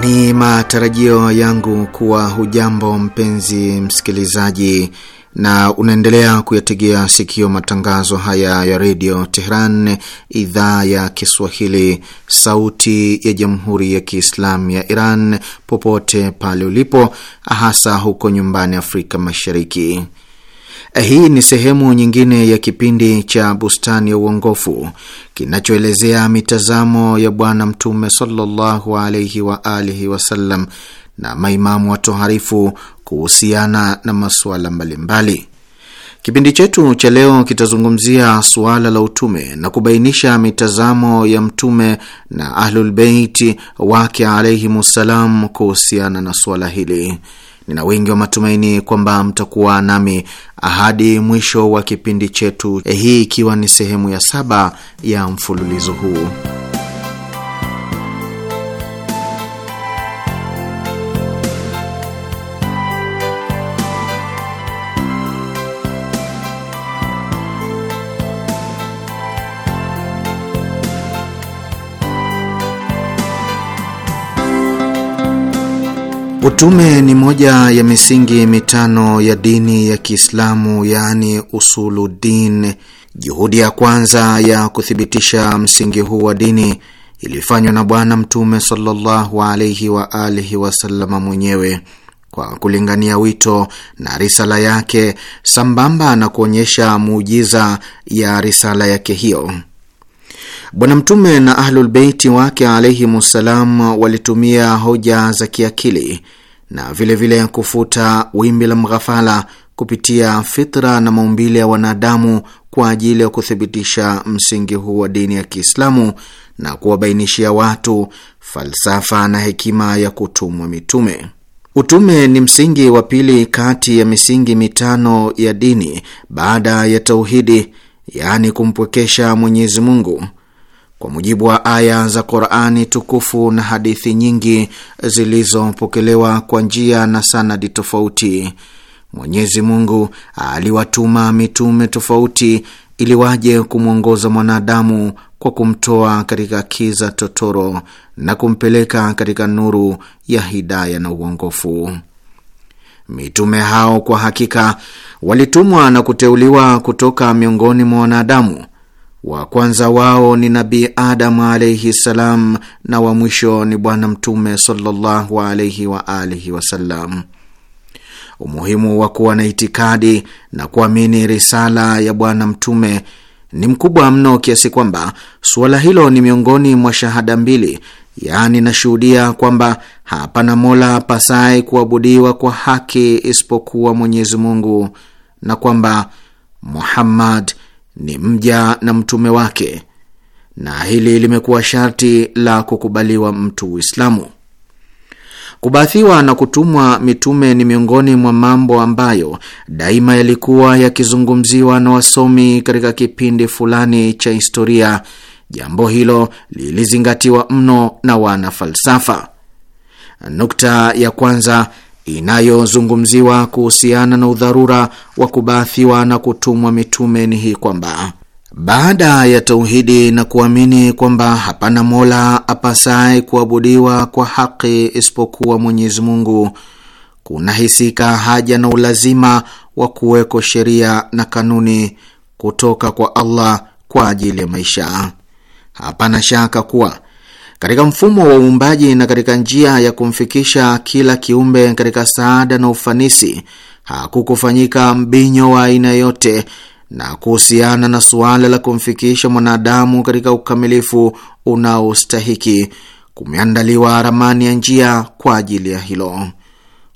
Ni matarajio yangu kuwa hujambo mpenzi msikilizaji, na unaendelea kuyategea sikio matangazo haya ya redio Tehran, idhaa ya Kiswahili, sauti ya jamhuri ya Kiislamu ya Iran, popote pale ulipo, hasa huko nyumbani Afrika Mashariki. Hii ni sehemu nyingine ya kipindi cha Bustani ya Uongofu kinachoelezea mitazamo ya Bwana Mtume sallallahu alaihi wa alihi wasallam na maimamu watoharifu kuhusiana na masuala mbalimbali. Kipindi chetu cha leo kitazungumzia suala la utume na kubainisha mitazamo ya Mtume na Ahlulbeiti wake alaihimussalam kuhusiana na suala hili. Nina wengi wa matumaini kwamba mtakuwa nami hadi mwisho wa kipindi chetu, eh, hii ikiwa ni sehemu ya saba ya mfululizo huu. Utume ni moja ya misingi mitano ya dini ya Kiislamu, yaani usuluddin. Juhudi ya kwanza ya kuthibitisha msingi huu wa dini ilifanywa na Bwana Mtume sallallahu alaihi wa alihi wasallama mwenyewe kwa kulingania wito na risala yake sambamba na kuonyesha muujiza ya risala yake hiyo. Bwana Mtume na Ahlulbeiti wake wassalam walitumia hoja za kiakili na vilevile vile kufuta wimbi la mghafala kupitia fitra na maumbile ya wanadamu kwa ajili ya kuthibitisha msingi huu wa dini ya Kiislamu na kuwabainishia watu falsafa na hekima ya kutumwa mitume. Utume ni msingi wa pili kati ya misingi mitano ya dini baada ya tauhidi, yaani kumpwekesha Mwenyezi Mungu kwa mujibu wa aya za Qurani tukufu na hadithi nyingi zilizopokelewa kwa njia na sanadi tofauti, Mwenyezi Mungu aliwatuma mitume tofauti ili waje kumwongoza mwanadamu kwa kumtoa katika kiza totoro na kumpeleka katika nuru ya hidaya na uongofu. Mitume hao kwa hakika walitumwa na kuteuliwa kutoka miongoni mwa wanadamu wa kwanza wao ni Nabii Adamu alaihi ssalam, na wa mwisho ni Bwana Mtume sallallahu alaihi wa alihi wasallam. Umuhimu wa kuwa na itikadi na kuamini risala ya Bwana Mtume ni mkubwa mno kiasi kwamba suala hilo ni miongoni mwa shahada mbili, yaani nashuhudia kwamba hapana mola pasaye kuabudiwa kwa haki isipokuwa Mwenyezi Mungu na kwamba Muhammad ni mja na mtume wake, na hili limekuwa sharti la kukubaliwa mtu Uislamu. Kubathiwa na kutumwa mitume ni miongoni mwa mambo ambayo daima yalikuwa yakizungumziwa na wasomi katika kipindi fulani cha historia. Jambo hilo lilizingatiwa mno na wanafalsafa. Nukta ya kwanza inayozungumziwa kuhusiana na udharura wa kubaathiwa na kutumwa mitume ni hii kwamba baada ya tauhidi na kuamini kwamba hapana mola apasaye kuabudiwa kwa haki isipokuwa Mwenyezi Mungu, kunahisika haja na ulazima wa kuweko sheria na kanuni kutoka kwa Allah kwa ajili ya maisha. Hapana shaka kuwa katika mfumo wa uumbaji na katika njia ya kumfikisha kila kiumbe katika saada na ufanisi, hakukufanyika mbinyo wa aina yote na kuhusiana na suala la kumfikisha mwanadamu katika ukamilifu unaostahiki kumeandaliwa ramani ya njia kwa ajili ya hilo.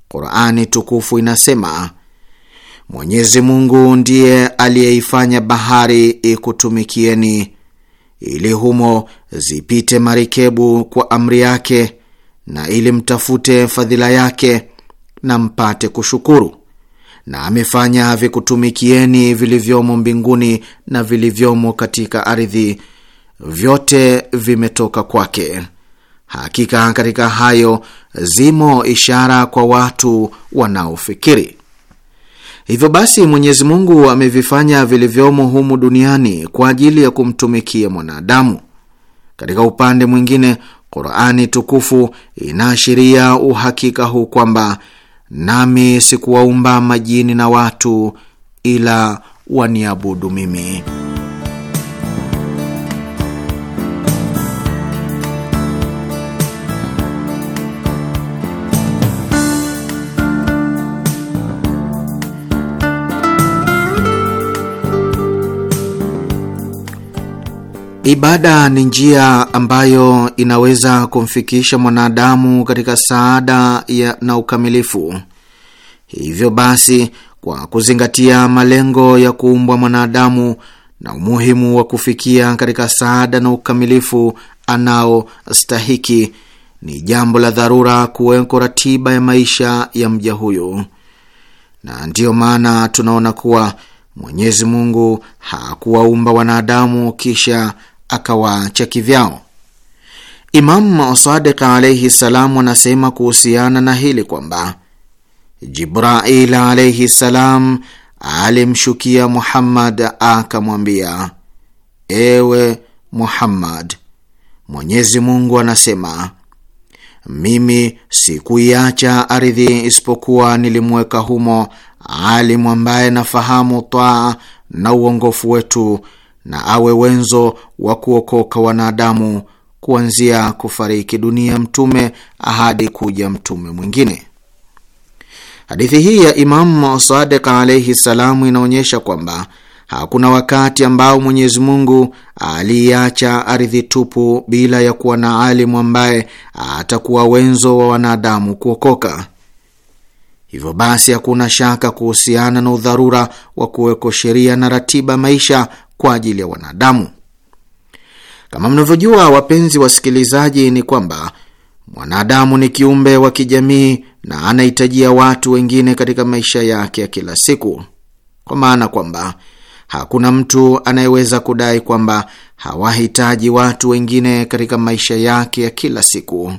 Qurani tukufu inasema, Mwenyezi Mungu ndiye aliyeifanya bahari ikutumikieni ili humo zipite marekebu kwa amri yake, na ili mtafute fadhila yake na mpate kushukuru, na amefanya vikutumikieni vilivyomo mbinguni na vilivyomo katika ardhi, vyote vimetoka kwake. Hakika katika hayo zimo ishara kwa watu wanaofikiri. Hivyo basi Mwenyezi Mungu amevifanya vilivyomo humu duniani kwa ajili ya kumtumikia mwanadamu. Katika upande mwingine, Qurani tukufu inaashiria uhakika huu kwamba nami sikuwaumba majini na watu ila waniabudu mimi. Ibada ni njia ambayo inaweza kumfikisha mwanadamu katika saada ya na ukamilifu. Hivyo basi, kwa kuzingatia malengo ya kuumbwa mwanadamu na umuhimu wa kufikia katika saada na ukamilifu anaostahiki, ni jambo la dharura kuweko ratiba ya maisha ya mja huyu, na ndiyo maana tunaona kuwa Mwenyezi Mungu hakuwaumba wanadamu kisha akawaacha kivyao. Imamu Sadiq alaihi salamu anasema kuhusiana na hili kwamba Jibrail alaihi salam alimshukia Muhammad akamwambia, ewe Muhammad, Mwenyezi Mungu anasema mimi sikuiacha ardhi isipokuwa nilimweka humo alimu ambaye nafahamu taa na uongofu wetu, na awe wenzo wa kuokoka wanadamu kuanzia kufariki dunia mtume hadi kuja mtume mwingine. Hadithi hii ya Imamu Sadiq alaihi salamu inaonyesha kwamba hakuna wakati ambao Mwenyezi Mungu aliiacha ardhi tupu bila ya kuwa na alimu ambaye atakuwa wenzo wa wanadamu kuokoka. Hivyo basi hakuna shaka kuhusiana na udharura wa kuwekwa sheria na ratiba maisha kwa ajili ya wanadamu. Kama mnavyojua, wapenzi wasikilizaji, ni kwamba mwanadamu ni kiumbe wa kijamii na anahitajia watu wengine katika maisha yake ya kila siku, kwa maana kwamba hakuna mtu anayeweza kudai kwamba hawahitaji watu wengine katika maisha yake ya kila siku.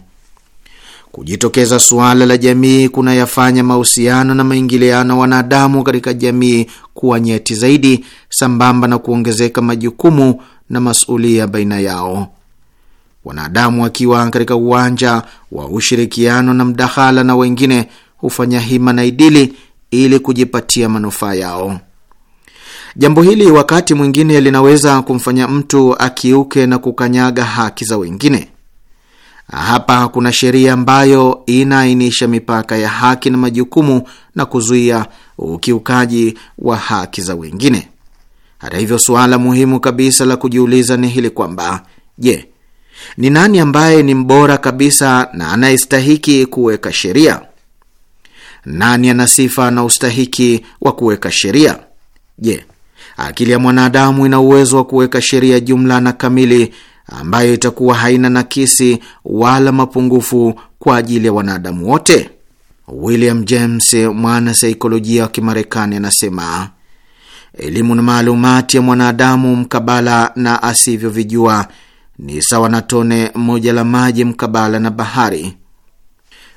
Kujitokeza suala la jamii kunayafanya mahusiano na maingiliano wanadamu katika jamii kuwa nyeti zaidi, sambamba na kuongezeka majukumu na masuulia baina yao. Wanadamu wakiwa katika uwanja wa ushirikiano na mdahala na wengine, hufanya hima na idili ili kujipatia manufaa yao. Jambo hili wakati mwingine linaweza kumfanya mtu akiuke na kukanyaga haki za wengine. Hapa hakuna sheria ambayo inaainisha mipaka ya haki na majukumu na kuzuia ukiukaji wa haki za wengine. Hata hivyo, suala muhimu kabisa la kujiuliza ni hili kwamba, je, ni nani ambaye ni mbora kabisa na anayestahiki kuweka sheria? Nani ana sifa na ustahiki wa kuweka sheria? Je, akili ya mwanadamu ina uwezo wa kuweka sheria jumla na kamili ambayo itakuwa haina nakisi wala mapungufu kwa ajili ya wanadamu wote. William James, mwanasaikolojia wa Kimarekani, anasema elimu na maalumati ya mwanadamu mkabala na asivyovijua ni sawa na tone moja la maji mkabala na bahari.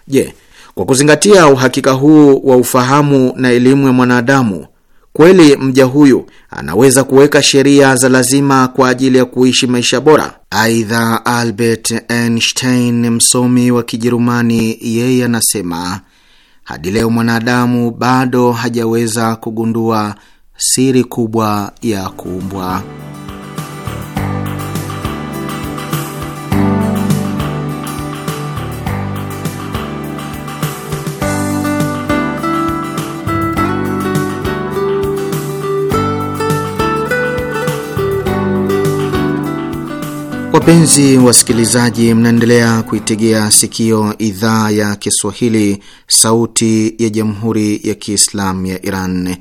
Je, kwa kuzingatia uhakika huu wa ufahamu na elimu ya mwanadamu Kweli mja huyu anaweza kuweka sheria za lazima kwa ajili ya kuishi maisha bora. Aidha, Albert Einstein, msomi wa Kijerumani, yeye anasema hadi leo mwanadamu bado hajaweza kugundua siri kubwa ya kuumbwa. Wapenzi wasikilizaji, mnaendelea kuitegea sikio idhaa ya Kiswahili, sauti ya jamhuri ya kiislamu ya Iran.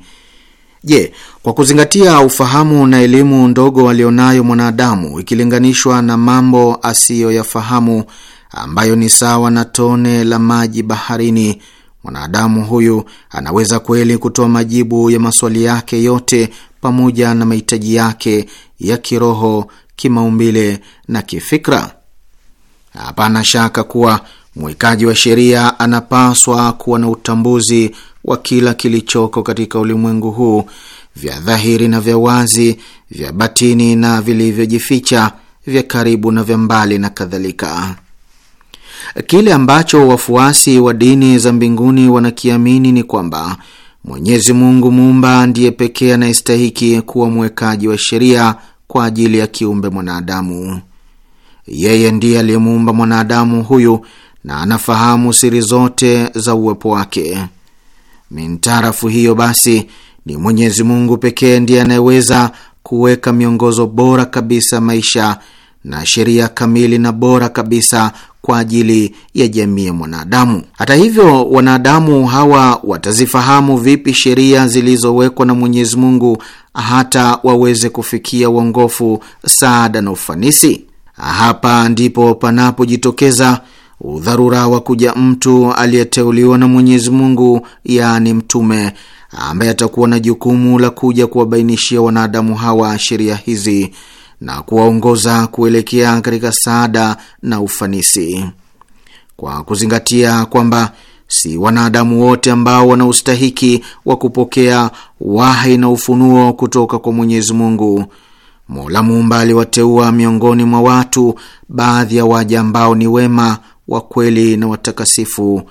Je, kwa kuzingatia ufahamu na elimu ndogo alionayo mwanadamu ikilinganishwa na mambo asiyoyafahamu ambayo ni sawa na tone la maji baharini, mwanadamu huyu anaweza kweli kutoa majibu ya maswali yake yote pamoja na mahitaji yake ya kiroho kimaumbile na kifikra. Hapana shaka kuwa mwekaji wa sheria anapaswa kuwa na utambuzi wa kila kilichoko katika ulimwengu huu, vya dhahiri na vya wazi, vya batini na vilivyojificha, vya karibu na vya mbali na kadhalika. Kile ambacho wafuasi wa dini za mbinguni wanakiamini ni kwamba Mwenyezi Mungu muumba ndiye pekee anayestahiki kuwa mwekaji wa sheria kwa ajili ya kiumbe mwanadamu. Yeye ndiye aliyemuumba mwanadamu huyu na anafahamu siri zote za uwepo wake. Mintarafu hiyo basi, ni Mwenyezi Mungu pekee ndiye anayeweza kuweka miongozo bora kabisa maisha na sheria kamili na bora kabisa kwa ajili ya jamii ya mwanadamu. Hata hivyo, wanadamu hawa watazifahamu vipi sheria zilizowekwa na Mwenyezi Mungu hata waweze kufikia uongofu, saada na ufanisi. Hapa ndipo panapojitokeza udharura wa kuja mtu aliyeteuliwa na Mwenyezi Mungu, yaani mtume ambaye atakuwa na jukumu la kuja kuwabainishia wanadamu hawa sheria hizi na kuwaongoza kuelekea katika saada na ufanisi, kwa kuzingatia kwamba si wanadamu wote ambao wana ustahiki wa kupokea wahi na ufunuo kutoka kwa Mwenyezi Mungu. Mola Muumba aliwateua miongoni mwa watu baadhi ya waja ambao ni wema wa kweli na watakasifu,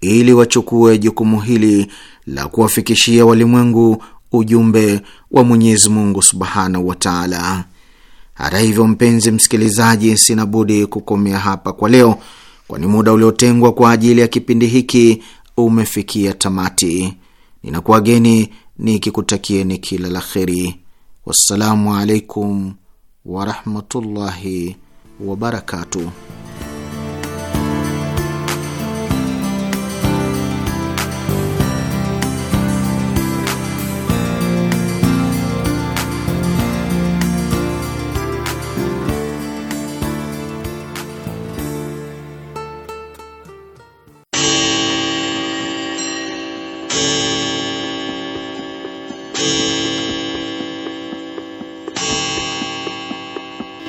ili wachukue jukumu hili la kuwafikishia walimwengu ujumbe wa Mwenyezi Mungu subhanahu wa taala. Hata hivyo, mpenzi msikilizaji, sina budi kukomea hapa kwa leo kwani muda uliotengwa kwa ajili ya kipindi hiki umefikia tamati. Ninakuwageni nikikutakieni kila la kheri. Wassalamu alaikum warahmatullahi wabarakatuh.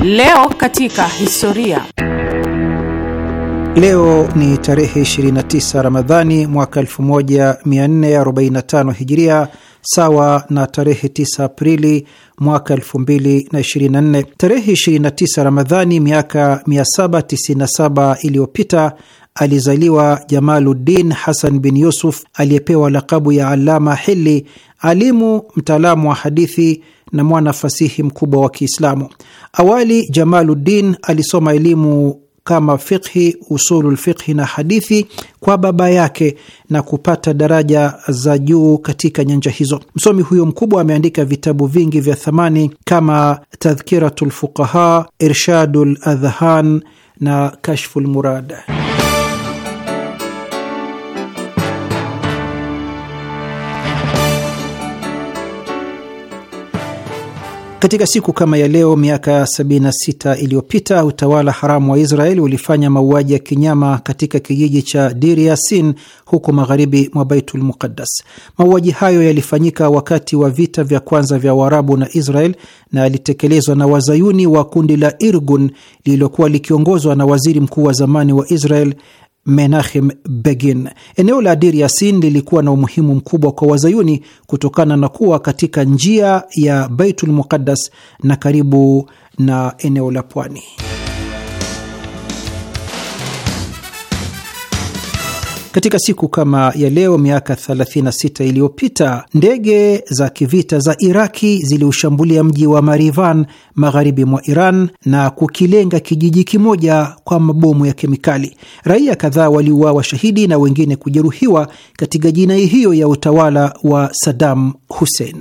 Leo katika historia. Leo ni tarehe 29 Ramadhani mwaka 1445 Hijiria, sawa na tarehe 9 Aprili mwaka 2024. Tarehe 29 Ramadhani miaka 797 iliyopita alizaliwa Jamaluddin Hasan bin Yusuf aliyepewa lakabu ya Alama Hili, alimu mtaalamu wa hadithi na mwana fasihi mkubwa wa Kiislamu. Awali Jamaluddin alisoma elimu kama fiqhi, usulul fiqhi na hadithi kwa baba yake na kupata daraja za juu katika nyanja hizo. Msomi huyo mkubwa ameandika vitabu vingi vya thamani kama Tadhkiratu lfuqaha, Irshadu ladhhan na Kashfu lmurad. Katika siku kama ya leo miaka 76 iliyopita utawala haramu wa Israel ulifanya mauaji ya kinyama katika kijiji cha Dir Yasin huko magharibi mwa Baitul Muqaddas. Mauaji hayo yalifanyika wakati wa vita vya kwanza vya Waarabu na Israel na yalitekelezwa na wazayuni wa kundi la Irgun lililokuwa likiongozwa na waziri mkuu wa zamani wa Israel Menachem Begin. Eneo la Dir Yasin lilikuwa na umuhimu mkubwa kwa Wazayuni kutokana na kuwa katika njia ya Baitul Muqaddas na karibu na eneo la pwani. Katika siku kama ya leo miaka 36 iliyopita ndege za kivita za Iraki ziliushambulia mji wa Marivan magharibi mwa Iran na kukilenga kijiji kimoja kwa mabomu ya kemikali. Raia kadhaa waliuawa shahidi na wengine kujeruhiwa katika jinai hiyo ya utawala wa Saddam Hussein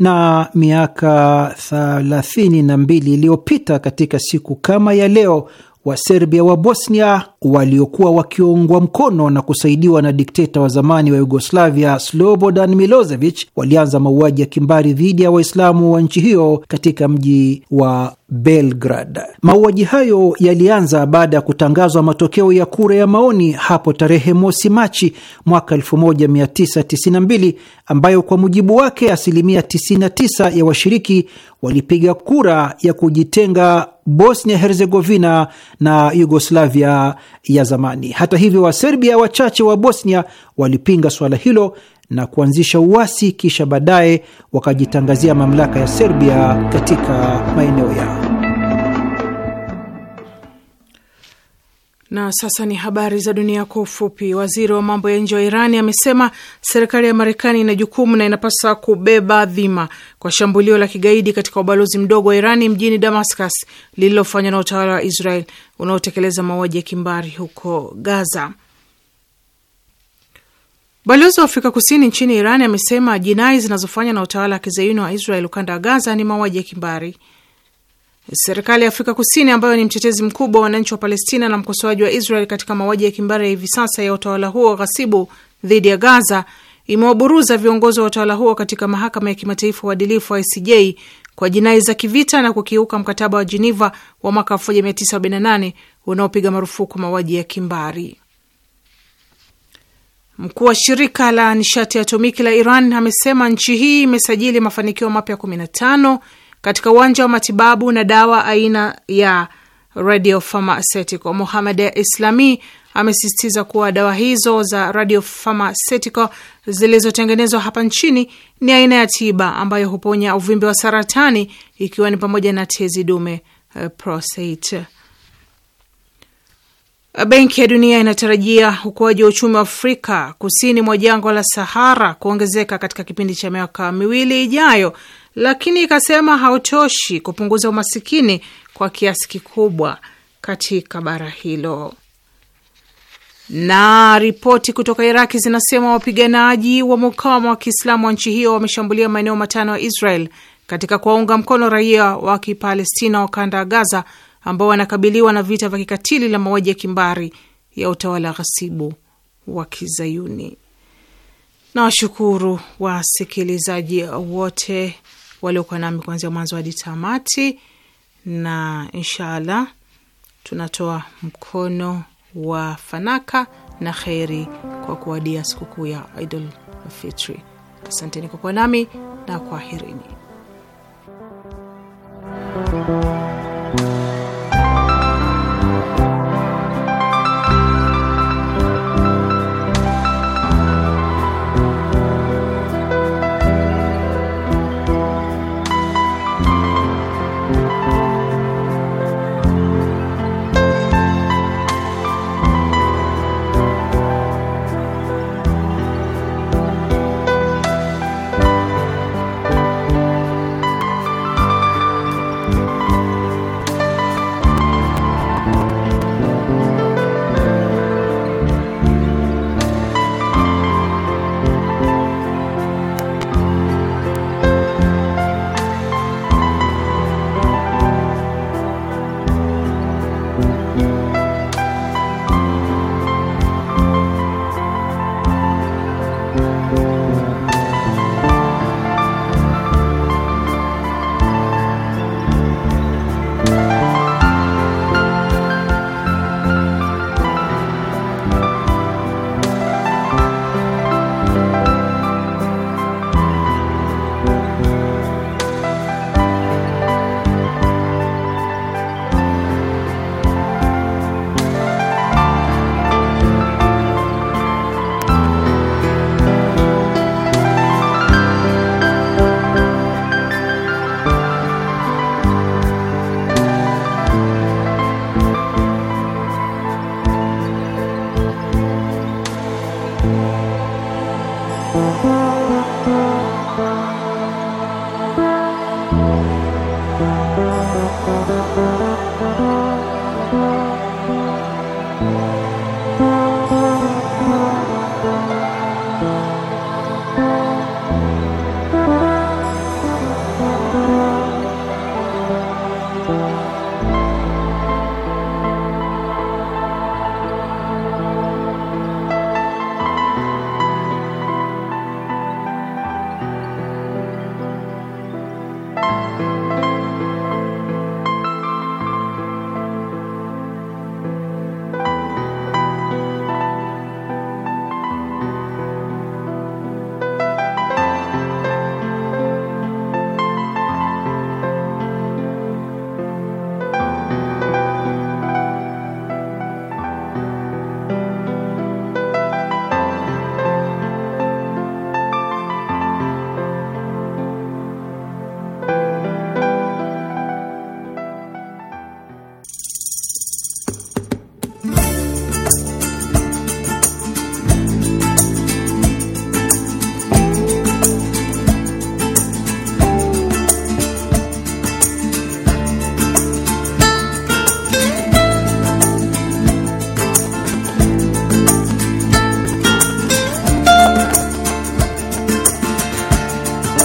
na miaka thelathini na mbili iliyopita katika siku kama ya leo Waserbia wa Bosnia waliokuwa wakiungwa mkono na kusaidiwa na dikteta wa zamani wa Yugoslavia Slobodan Milosevic walianza mauaji ya kimbari dhidi ya Waislamu wa nchi hiyo katika mji wa Belgrad. Mauaji hayo yalianza baada ya kutangazwa matokeo ya kura ya maoni hapo tarehe mosi Machi mwaka 1992 ambayo kwa mujibu wake asilimia 99 ya washiriki walipiga kura ya kujitenga Bosnia Herzegovina na Yugoslavia ya zamani. Hata hivyo, Waserbia wachache wa Bosnia walipinga suala hilo na kuanzisha uasi, kisha baadaye wakajitangazia mamlaka ya Serbia katika maeneo yao. Na sasa ni habari za dunia kwa ufupi. Waziri wa mambo ya nje wa Irani amesema serikali ya Marekani ina jukumu na inapaswa kubeba dhima kwa shambulio la kigaidi katika ubalozi mdogo wa Irani mjini Damascus lililofanywa na utawala wa Israel unaotekeleza mauaji ya kimbari huko Gaza. Balozi wa Afrika Kusini nchini Irani amesema jinai zinazofanywa na utawala wa kizayuni wa Israel ukanda wa Gaza ni mauaji ya kimbari. Serikali ya Afrika Kusini ambayo ni mtetezi mkubwa wa wananchi wa Palestina na mkosoaji wa Israel katika mauaji ya kimbari ya hivi sasa ya utawala huo ghasibu dhidi ya Gaza imewaburuza viongozi wa utawala huo katika mahakama ya kimataifa uadilifu wa ICJ kwa jinai za kivita na kukiuka mkataba wa jeniva wa mwaka 1948 unaopiga marufuku mauaji ya kimbari. Mkuu wa shirika la nishati ya atomiki la Iran amesema nchi hii imesajili mafanikio mapya 15 katika uwanja wa matibabu na dawa aina ya radiopharmaceutical. Mohamed Islami amesisitiza kuwa dawa hizo za radiopharmaceutical zilizotengenezwa hapa nchini ni aina ya tiba ambayo huponya uvimbe wa saratani ikiwa ni pamoja na tezi dume, uh, prostate. Benki ya Dunia inatarajia ukuaji wa uchumi wa Afrika kusini mwa jangwa la Sahara kuongezeka katika kipindi cha miaka miwili ijayo lakini ikasema hautoshi kupunguza umasikini kwa kiasi kikubwa katika bara hilo. Na ripoti kutoka Iraki zinasema wapiganaji wa mukawama wa Kiislamu wa nchi hiyo wameshambulia maeneo matano ya Israel katika kuwaunga mkono raia wa Kipalestina wa kanda wa Gaza ambao wanakabiliwa na vita vya kikatili la mauaji ya kimbari ya utawala ghasibu wa Kizayuni. Nawashukuru wasikilizaji wote waliokuwa nami kuanzia mwanzo hadi tamati, na inshaallah tunatoa mkono wa fanaka na kheri kwa kuwadia sikukuu ya Idul Fitri. Asanteni kwa kuwa nami na kwaherini.